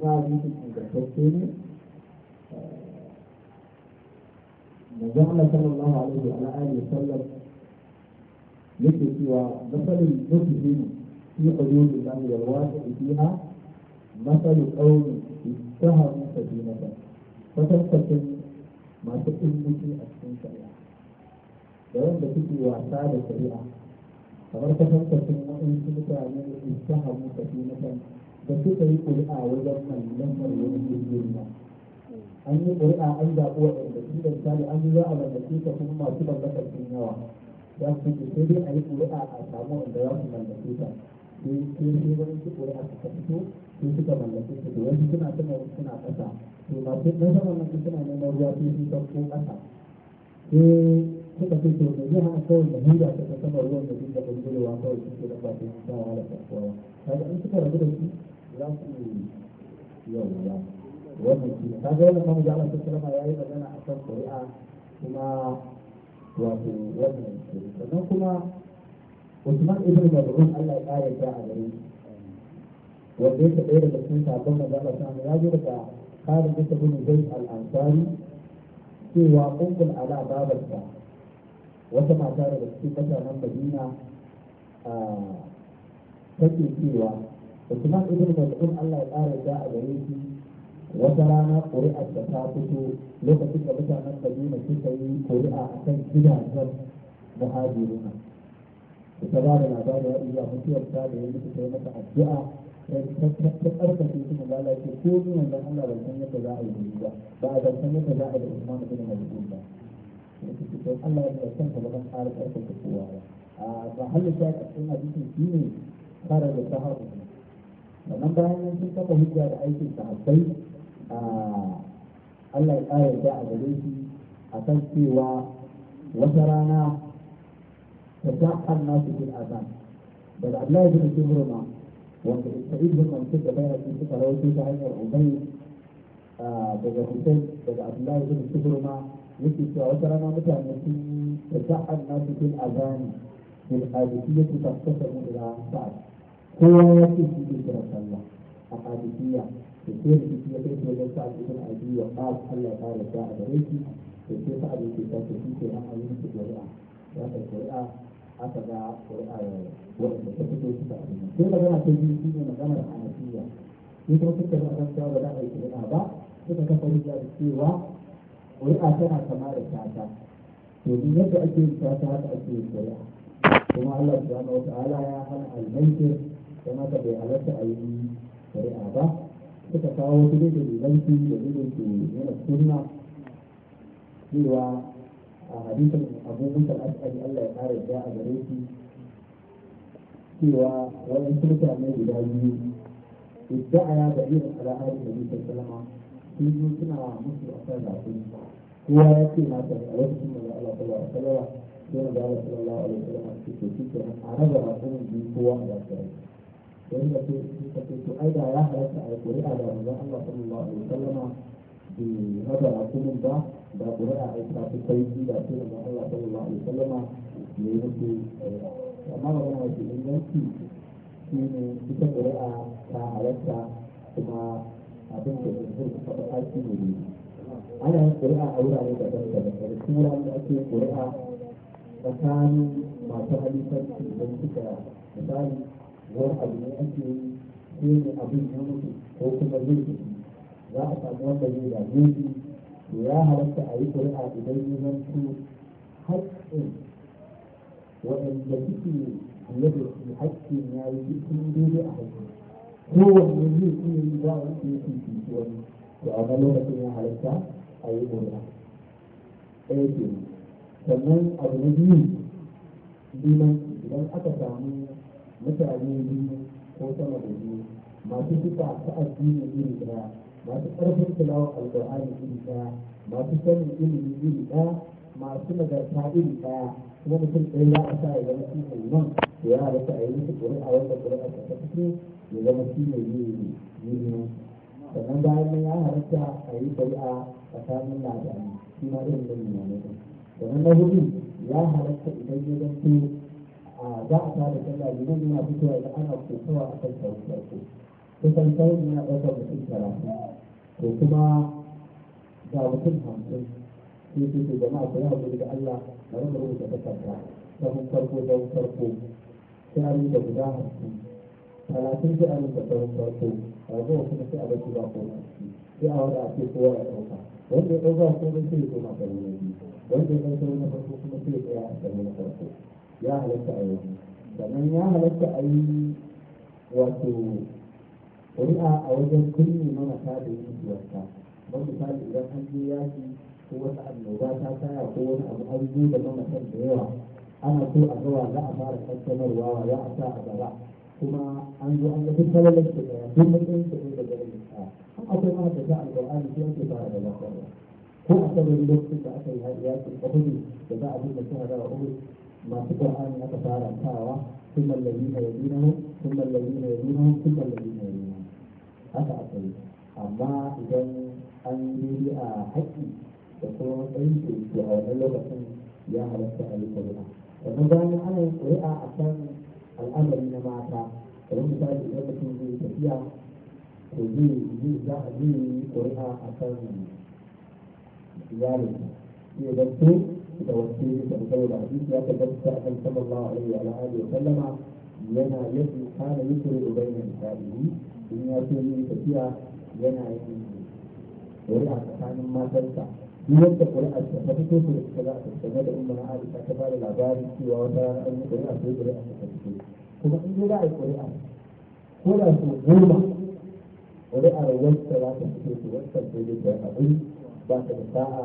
ma biyu da tafiye ne da eh, zama sallallahu na wa alihi sallam yake cewa masalin zuciyi ne shi na ƙudurin da ya wata ikiya masalin shi ta hannu ta fi nata kwatankwacin masu ƙunguci a cikin shari'a da wanda suke wasa da shari'a kamar kasancin waɗansu mutane da ta hannu da fi mutan da suka yi ƙuri'a wajen mallamar wani jirgin na an yi ƙuri'a an zaɓi waɗanda su da misali an yi za a mallake ta kuma masu mallakar sun yawa za su ce sai dai a yi ƙuri'a a samu wanda za su mallake ta sai sai sai wani su ƙuri'a ka fito sai suka mallake ta da wasu suna suna wasu suna ƙasa to masu ɗan sama su suna neman ruwa sai sun sauko ƙasa sai suka ce to yanzu haka kawai da huda ta sama ruwan da duk da bulbulowa kawai suke da ba su wa da kasuwa kaga in suka rabu da shi za su da wannan shi ne kaga wannan kuma jama'a ta sallama magana a kan kuma wato wannan shi sannan kuma Usman ibn Mad'un Allah ya kare ta a gari wanda yake ɗaya daga cikin sabon da Allah ta ya zo daga kare ta bin Zaid al cewa ummul ala babarsa wata mata daga cikin mutanen madina take cewa usman ibn mas'ud Allah ya ƙara da a gare shi wata rana ƙuri'ar da ta fito lokacin da mutanen madina suka yi ƙuri'a a kan gidajen muhajiruna ta ba da labarin ya iya mutuwarta da ya mutu sai mata addu'a ta ƙarfafa su mun lalace ko ni wannan Allah ban san yadda za a yi ba ba a ban san yadda za a yi da Usman ibn Mas'ud ba don Allah ya da kanka ba ka kowa ba ba halin shi a cikin hadisin shi ne fara da sahabu sannan bayan sun kafa hujja da aikin sahabbai Allah ya ƙara yarda a gare shi a kan cewa wata rana ta sha'ar nasu fil azan daga Allah ya zama kibruma wanda Isra'il bin Mansur da bayan sun suka rawaito ta hanyar Ubay daga Hussein daga Abdullahi bin Kibruma yake cewa wata rana mutane sun taja'an na cikin azani ya ce fil hadisiyyati tafsiru ila sa'ad kowa ya ce shi ke kira sallah a hadisiyya da ke da shi ya kai wajen sa'ad ibn abi ba su Allah ya fara da a gare shi da ke sa'ad yake ta ce shi ke nan an yi su ƙuri'a ya ta ƙuri'a aka ga ƙuri'a ya yi wanda ta fito su da abin sai magana ta biyu shi ne maganar hanafiyya ne kuma suka ga an ba za a yi ƙuri'a ba suka kafa hujja da cewa ƙuri'a tana kama da to domin yadda ake yin tata haka ake yin kuma Allah subhanahu wa ta'ala ya hana almaitin don ta bai halarta a yi sharia ba suka kawo wasu da lilanci da zai ke nuna sunna cewa a hadisan abubuwan al'ashari Allah ya kare da a gare shi cewa wani sulta ne guda biyu idda'a ya bayyana al'adun da bisa salama sun suna musu a kan zaɓen kowa ya ce na ta a lokacin da Allah ba a wasallam sai da Allah sallallahu ba a ce to shi ke a raba rasulun biyu kowa a lafiya don da ce to ai da ya halatta a ƙuri'a da manzon Allah a alaihi wasallam raba ba da ƙuri'a ai ta fi kai da sai da Allah sallallahu alaihi wasallam ya yi musu amma da ke inganci shi ne ita ƙuri'a ta halatta kuma abin da zai faɗa shi ne ana yin ƙuri'a a wurare daban-daban da turan da ake ƙuri'a tsakanin masu halittarci don suka misali wani abu ne ake yi ko ne abin ya mutu ko kuma zai za a samu wanda zai da mutu to ya halatta a yi ƙuri'a idan ya zanto haƙƙin waɗanda suke kula da su haƙƙin ya yi cikin daidai a haƙƙi kowanne zai iya yi ba wanda ya fi wani to a lokacin ya halatta a yi gona ɗaya ke sannan abu na biyu liman idan aka samu mutane biyu ko sama da biyu masu duka ta addini iri ɗaya masu ƙarfin tilawar alƙur'ani iri ɗaya masu sanin ilimi iri ɗaya masu nagarta iri ɗaya kuma mutum ɗaya za a sa ya zama shi liman da ya halatta a yi musu ƙuri'a wanda ƙuri'a ta fito ya zama shi mai yi ne sannan bayan nan ya halatta a yi bai'a tsakanin labarai shi ma irin nan ne ne sannan na hudu ya halatta idan ya zanto za a tada sallah liman yana fitowa da ana kokawa a kan sauri farko kusan sauri na ɗaukar mutum talatin ko kuma ga mutum hamsin sai sai sai jama'a ku yi gudu da Allah na rasa rubuta takarda ta hun farko da farko sai a rubuta guda hamsin talatin sai a rubuta ta hun farko ragowar kuma sai a ba komai sai a wada a kowa ya ɗauka wanda ya ɗauka ya na biyu wanda ya ɗauka na farko kuma sai ya tsaya farko ya a ya a yi a wajen kunne mamata da yin zuwarta idan an je yaki ko wata annoba ta wani abu an da mamatan da yawa ana so a gawa za a fara tattaunawa za a sa a gaba kuma an zo an yi falalar da ya duk da ne da garin da akwai mana da za a alƙur'ani shi ake fara da zakarwa ko a sabon lokacin da aka yi yakin ƙahuri da za a buɗe shi a zara uhud masu ƙur'ani aka fara tawa ثم الذين يدينهم ثم الذين يدينهم ثم الذين يدينهم haka aka yi amma idan an yi a haƙƙi da kuma matsayin da a wani lokacin ya halatta a yi ƙuri'a sannan bayan ana yin ƙuri'a a kan al'amari na mata kamar misali idan mutum zai tafiya ko zai za a yi ƙuri'a a kan iyalin iya zarto da wasu zai tafi saboda hadisi ya tabbata a kan sallallahu alaihi wa al'adu wa sallama yana yadda kana yusuru da bayan misali in ya so yi tafiya yana yin ƙuri'a tsakanin matarsa yadda ƙuri'ar ta fito da ikhtila game da umma Aisha ta bada labarin cewa wata rana an yi ƙuri'a sai ƙuri'a ta fito kuma in za a yi ƙuri'a ko da su goma ƙuri'ar wacce za ta fito su wacce ta yi da abin ba ta da sa'a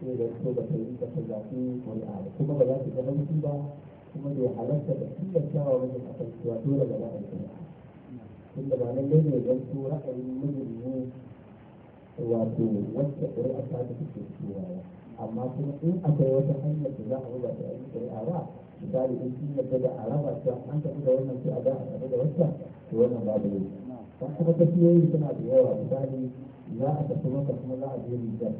sai da so ba ta yi ta ta zafi ƙuri'a ba kuma ba za ta ga banki ba kuma bai halarta da tilastawa wajen a kan cewa dole ba za a yi ƙuri'a tunda ba lallai ne don su ra'ayin mijin ne wato wacce ƙuri'a ta ta take cewa amma kuma in akwai wata hanyar da za a raba ta yi ƙuri'a ba misali in sun yadda da a raba ta an tafi da wannan sai a da a tafi da wacce to wannan ba babu ne kan kuma tafiyoyi suna da yawa misali za a tafi maka kuma za a je nijar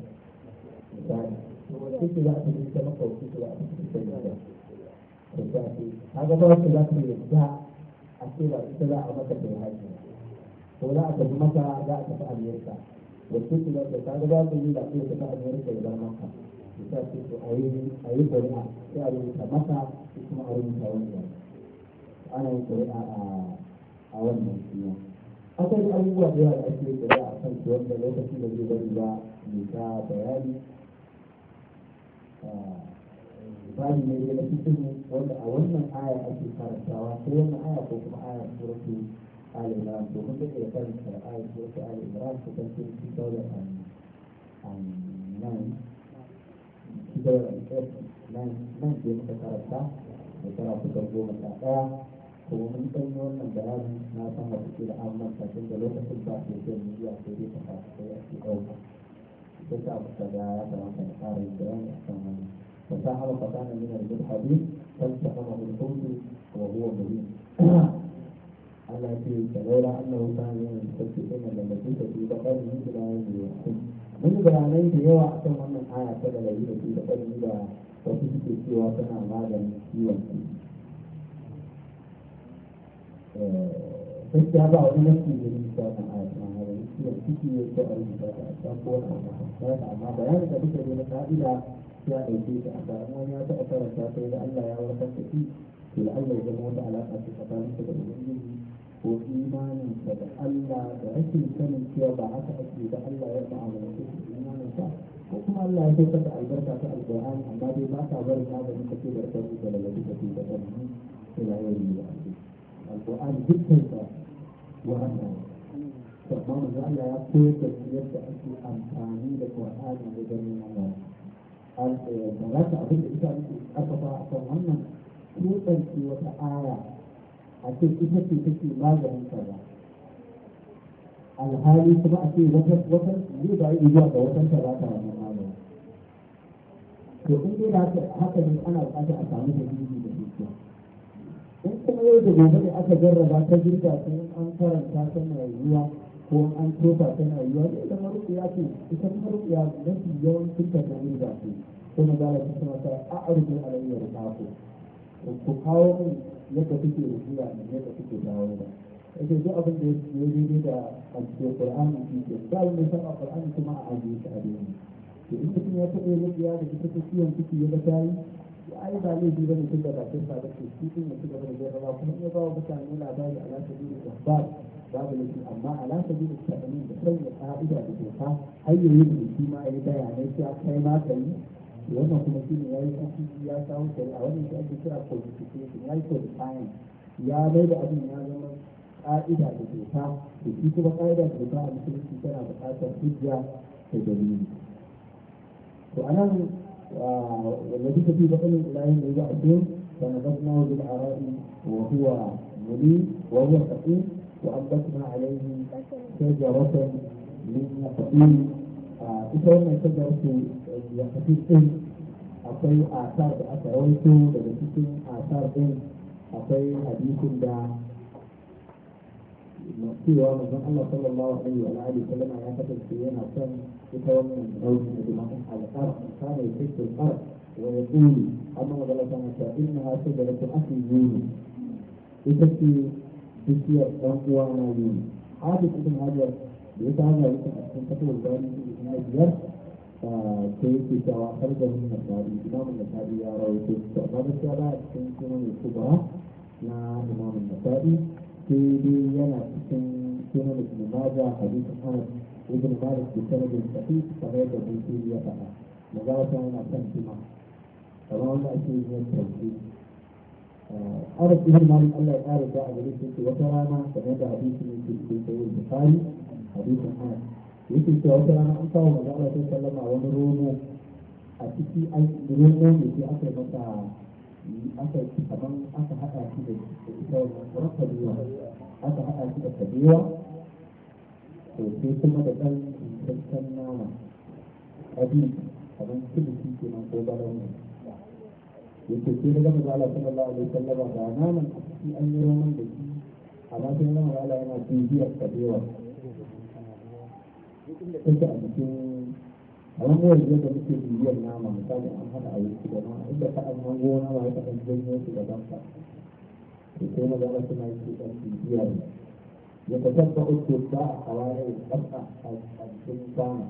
misali to wacce za a tafi ta maka wacce ce za a tafi ta nijar to ta ce kaga ba wacce za ta yadda a ce ba ita za a maka ta yi hajji ko za a tafi maka za a tafi amerika da suke da ta ga za su yi da kuma ta amerika da maka da ta ce su a yi a yi ƙuri'a sai su kuma a rubuta wanda ana yin ƙuri'a a wannan suna akwai abubuwa da yawa da ake ƙuri'a a kan su wanda lokacin da zai bari ba mai ta bayani ah, bani ne da cikin wanda a wannan aya ake karantawa sai wannan aya ko kuma aya suratu آل عمران domin duka ya karanta ayat wasu آل عمران su kanto su daular nan su daular nan ke muka karanta shekara kusan goma sha ɗaya to mun san wannan bayanin na san wasu ke da amman kafin da lokacin ba ke zai yi a sai dai ta kasa sai ake ɗauka duk da muka ga ya kamata da ƙara yin bayani a kan wannan fasahar fasahar min al-hadith tasahama bil-hawd wa huwa Allah ce saboda Allah ta ne take ina da mutum da ke bakar ni da ne mun bayanai da yawa akan wannan aya ta da rayu da ke bakar ni da wasu suke cewa tana maganin ciwon ku eh, gaskiya ba wani nafi da ni ta kan aya ta maganin ciwon ciki ne ko a rubuta ta a can ko ta amma bayanin da duka ne na ka'ida ya ɗauke ta a samu wani ya taɓa karanta sai da Allah ya warkar da ke to Allah zama wata alaƙa tsakaninsa da Ubangiji ko imaninsa da Allah da rashin sanin cewa ba haka ake da Allah ya mu'amalance shi imaninsa ko kuma Allah ya saukar da albarka ta alƙur'ani amma dai ba ka barin magani kake barkar da da da yi alƙur'ani dukkan sa to amma Allah ya koyar da yadda ake amfani da Qur'ani wajen nuna al da eh, rasa abin da ita ake ƙarfafa wannan wata aya a ce ita ce take maganin kaza alhali kuma a ce wata wata zai ba yi zuwa ga watan talata wannan magani to in dai da haka ne ana buƙatar a samu dalili da hujja in kuma yau da gobe ne aka jarraba ta girka sai an karanta tana rayuwa ko an tofa tana rayuwa zai zama rukuya ce ita kuma rukuya mafi yawancin ta ta girka ce kuma za ta kuma ta a'arubu alayyar ku kawo yadda kuke zuwa ne yadda kuke dawo ba yake duk abin da ya daidai da hadisi Qur'ani shi ke da abin da ya Qur'ani kuma a ajiye shi a daidai to in mutum ya taɓa yin ya da ita ta ciwon ciki ya ga ya ai ba laifi ne tun da bakin sa ke shi din ya ci gaba da jarraba kuma ya ba wa mutane labari ala biyu da ba babu laifi amma ala sabili da da sanya ka'ida da doka har da shi ma ya bayanai sai kai ma yi wannan kuma shi ne ya yi kashi ya kawo shari'a wannan shi ake kira codification ya yi codifying ya mai da abin ya zama ƙa'ida da doka da shi kuma ƙa'ida da doka a musulunci tana buƙatar hujja da dalili to a nan wanda duka fi baƙanin ilayen da ya a cikin فنبذناه بالعراء وهو مليء وهو سقيم وأنبتنا عليه شجرة من يقين ita wannan shagar ce ya fi ɗin akwai asar da aka rawaito daga cikin asar ɗin akwai hadisin da cewa manzon Allah sallallahu alaihi wa alihi sallama ya kasance yana son ita wannan rauni da jima'in alƙar kana ya kai alƙar wa ya tsuri amma magana ta mace inna ha sai da rasu afi yuni ita ce bishiyar ɗan uwa na yuni hadis ibn hajar da ya ta hanyar a cikin fatawar bayan na biyar كيف توافرته النسائي الإمام النسائي يا رويته استعباد الشعباء كان سنن الكبرى مع الإمام النسائي في بيانا سنن ابن ماجه حديث أنس ابن مالك بسند صحيح فغير ابن سيريا بقى مغالطة أنا سنتما طبعا لا شيء من التوحيد آه، أرد ابن مالك الله يقارب بعد رسالة وكرامة فغير حديث من في البخاري حديث أنس yake cewa wata rana an kawo maza Allah sai sallama wani romo a ciki an romo ne sai aka yi mata aka yi kaman aka haɗa shi da ita wannan kabewa aka haɗa shi da kabewa to sai kuma da ɗan cikakken nama abin kamar kudu shi ke nan ko balan ne yake sai daga maza Allah sallallahu da sallama ga naman a ciki an yi roman da shi amma sai nan Allah yana bibiyar kabewa duk inda kake a jikin ramuwar yadda muke nama misali an hana a yi su daban inda ka an hango nama ya kaɗan janyo su daban ka to sai na gaba suna yi su ɗan bibiyar ya ka uku ba a kawai a cikin kwana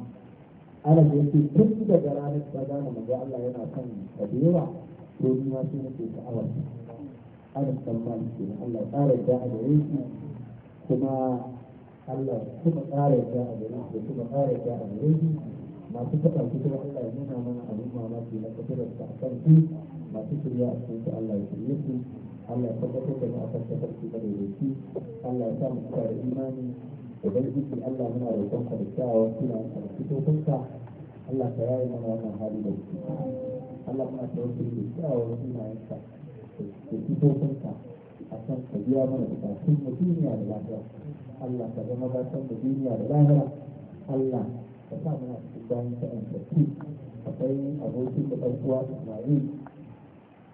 ana da yake tun daga ranar ta gane maza Allah yana kan kabewa to ni ma sai ana tsammani ke Allah ya da a gare shi kuma Allah kuma ƙara a gare shi kuma ƙara ja a gare shi masu faɗa su kuma Allah ya nuna mana abin mamaki na kudurar sa akan su masu shirya a cikin su Allah ya shirye su Allah ya tabbatar da mu akan tafarki da daidaiti Allah ya sa mu kare imani ubangiji Allah muna roƙon ka da kyawawan sunan ka da fitofinka Allah ka yaye mana wannan hali da shi Allah muna tawakkali da kyawawan sunayenka da fitofinka akan ka biya mana bukatun mu duniya da lafiya Allah ta zama bakan da duniya da lahira Allah ta sa muna cikin bayan ta yantattu akwai abokin da ɗan uwa Ismail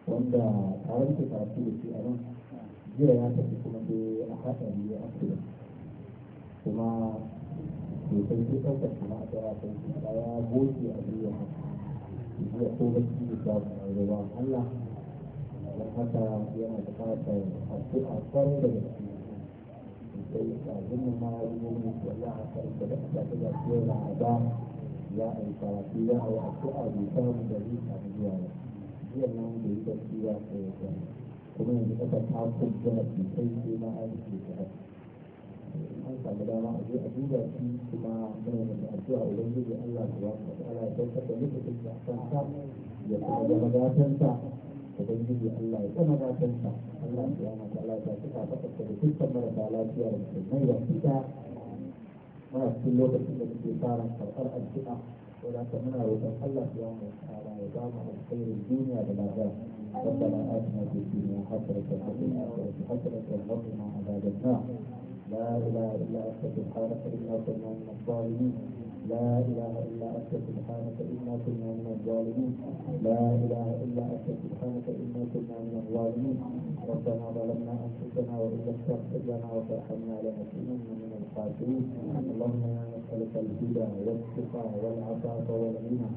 wanda tare da karatu da shi a nan jiya ya tafi kuma dai a haɗari ya afirka kuma sosai sai ɗaukar kuma a tsara kai shi ya goce a duniya jiya ko bacci da samu a ruwan Allah don haka yana da buƙatar addu'a kwarai da gaske sai ka zama ma yiwu ne za a karɓi da ka ta ga kera a ba za a yi karatu a yi addu'a ta mu da zai ta zuwa ya zuwa nan da yi gaske ya ta yi ta kuma yanzu aka ta kuma da ke kai ke ma a yi ke an samu dama a zai a duba shi kuma mai da addu'a wajen zai Allah ta ba ta ta ala ya ta ta ta ta ta ta ta ta ta ta ta ta ta ta ta ta ubangiji Allah ya tsama zafin sa Allah ya tsama ta Allah ta fita ta fita da dukkan marasa lafiya da musulmai ya fita muna cikin lokacin da muke fara karɓar addu'a ko da ka muna roƙon Allah ya mu tsara ya ba mu alkhairin duniya da lafiya ربنا آتنا في الدنيا حسنة وفي الآخرة حسنة وقنا عذاب النار لا إله إلا أنت سبحانك إنا كنا من الظالمين لا إله إلا أنت سبحانك إنا كنا من الظالمين لا إله إلا أنت سبحانك إنا كنا من الظالمين ربنا ظلمنا أنفسنا وإن لم تغفر لنا وترحمنا لنكونن من الخاسرين اللهم إنا نسألك الهدى والتقى والعفاف والغنى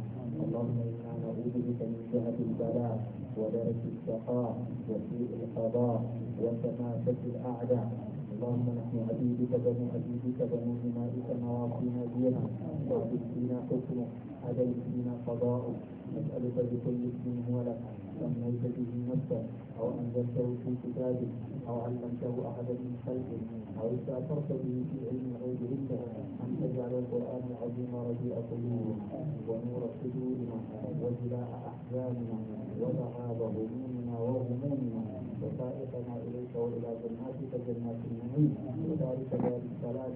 اللهم إنا نعوذ بك من جهة البلاء ودرك السخاء وسوء القضاء وسماسة الأعداء اللهم نحن عبيدك بنو عبيدك بنو جمالك نواصينا دينا وعبد فينا حكمك عليك فينا قضاؤك نسألك بكل اسم هو لك سميت به نفسك أو أنزلته في كتابك أو علمته أحدا من خلقك أو استأثرت به في علم الغيب عندك أن تجعل القرآن العظيم ربيع قلوبنا ونور صدورنا وجلاء أحزاننا وذهاب همومنا وغمومنا خصائصنا اليك والى جناتك جنات النعيم وبارك بارك سلام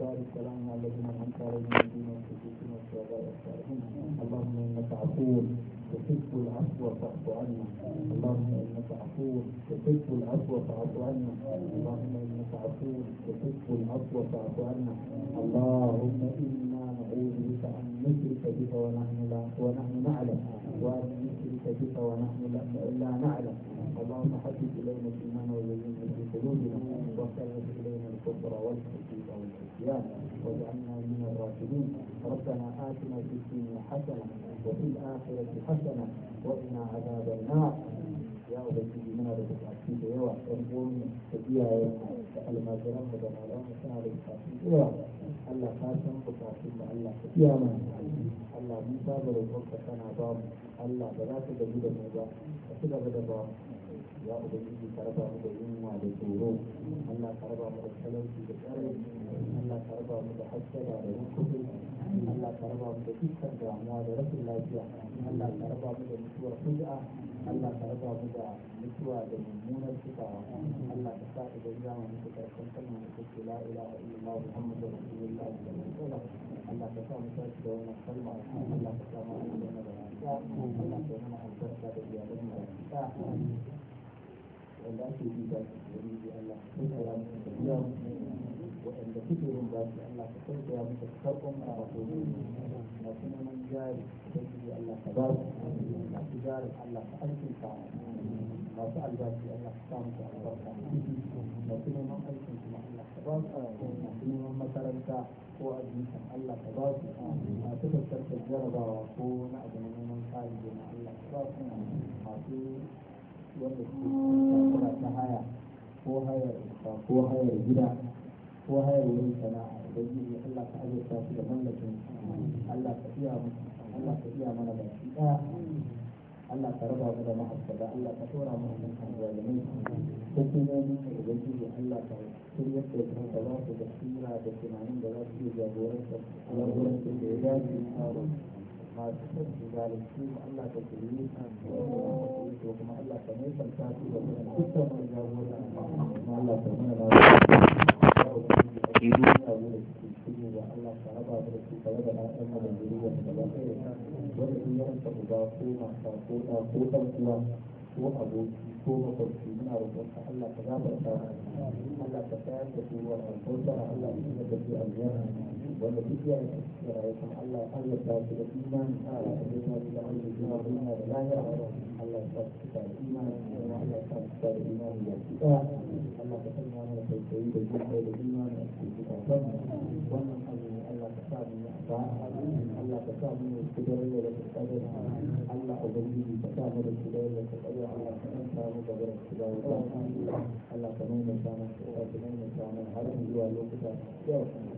بارك السلام على الذين انعمت عليهم من دون المشركين والشهداء والصالحين اللهم انك عفو تحب العفو فاعف عنا اللهم انك عفو تحب العفو فاعف عنا اللهم انك عفو تحب العفو فاعف عنا اللهم انا نعوذ بك ان نشرك بك ونحن لا ونحن نعلم وان نشرك عليك بك ونحن لا نعلم اللهم حبب الينا الايمان وزينه في قلوبنا وسلم الينا الكفر والفسوق والعصيان واجعلنا من الراشدين ربنا اتنا في الدنيا حسنه وفي الاخره حسنه وقنا عذاب النار يا ubangiji muna da يا da yawa ɗan gomi da iyayen da almajiran mu da malamu suna da يا da yawa Allah ka san bukatun Allah ba za ka gani da mu ba ka ci gaba da ba ya ubangiji ka raba mu da yunwa da tsoro Allah ka raba mu da talauci da tsarin Allah ka raba mu da hassada da rukudin Allah ka raba mu da dukkan damuwa da rashin lafiya Allah ka raba mu da mutuwar kuja Allah ka raba mu da mutuwa da mummunar cikawa Allah ka sa idan za mu mutu karshen kalmar da take la ilaha illallah muhammadur rasulullah sallallahu alaihi wasallam Allah ka sa mu tashi da wannan kalma Allah ka sa mu waɗanda suke yin baki Allah ka sauke ya musu karɓon a rahoto masu neman jari da suke Allah ka ba su masu jarin Allah ka aikin ka masu albashi Allah ka samu su albarka masu neman aikin kuma Allah ka ba su masu neman makaranta ko abincin Allah ka ba su masu tattattar jarabawa ko na abu gida ko haya wurin sana'a ne Allah ka azurta su da mallakin Allah ka iya Allah ka iya mana baki daya Allah ka raba mu da ma'aikata Allah ka tura mu da zalimai hukumomi ka ubangiji Allah ka shirya da su da za su da tsira da tunanin da za su yi jagorantar jagorantar da ya dace a masu son su zalunci Allah ka kuri to kuma Allah ka nesa ta su da kuma dukkan mai jagora kuma Allah ka mana na Idu na wuri cikin da Allah ka raba da su kare da ɗan mu da zuriya da ba kai wanda in ya rasa mu ko ko ɗa ko ɗan uwa ko aboki ko makwabci muna roƙonka Allah ka gafarta Allah ka tsayar da su wa alƙawta Allah ka tsayar da su aljanna wanda duk ya yi rayukan Allah Allah ta fi da iman a rayukan da an yi zuwa duniya da lahira Allah ta fi da iman kuma Allah ta fi da iman da shi ɗaya Allah ta sanya mana tausayi da zuciya da iman da shi da kan wannan azumi Allah ta sa mu a ba Allah ta sa mu da kudurwa da kudurwa Allah ubangiji ta sa mu da kudurwa da kudurwa Allah ta sa mu da kudurwa Allah ta nuna samun kudurwa ta nuna samun har zuwa lokuta da yawa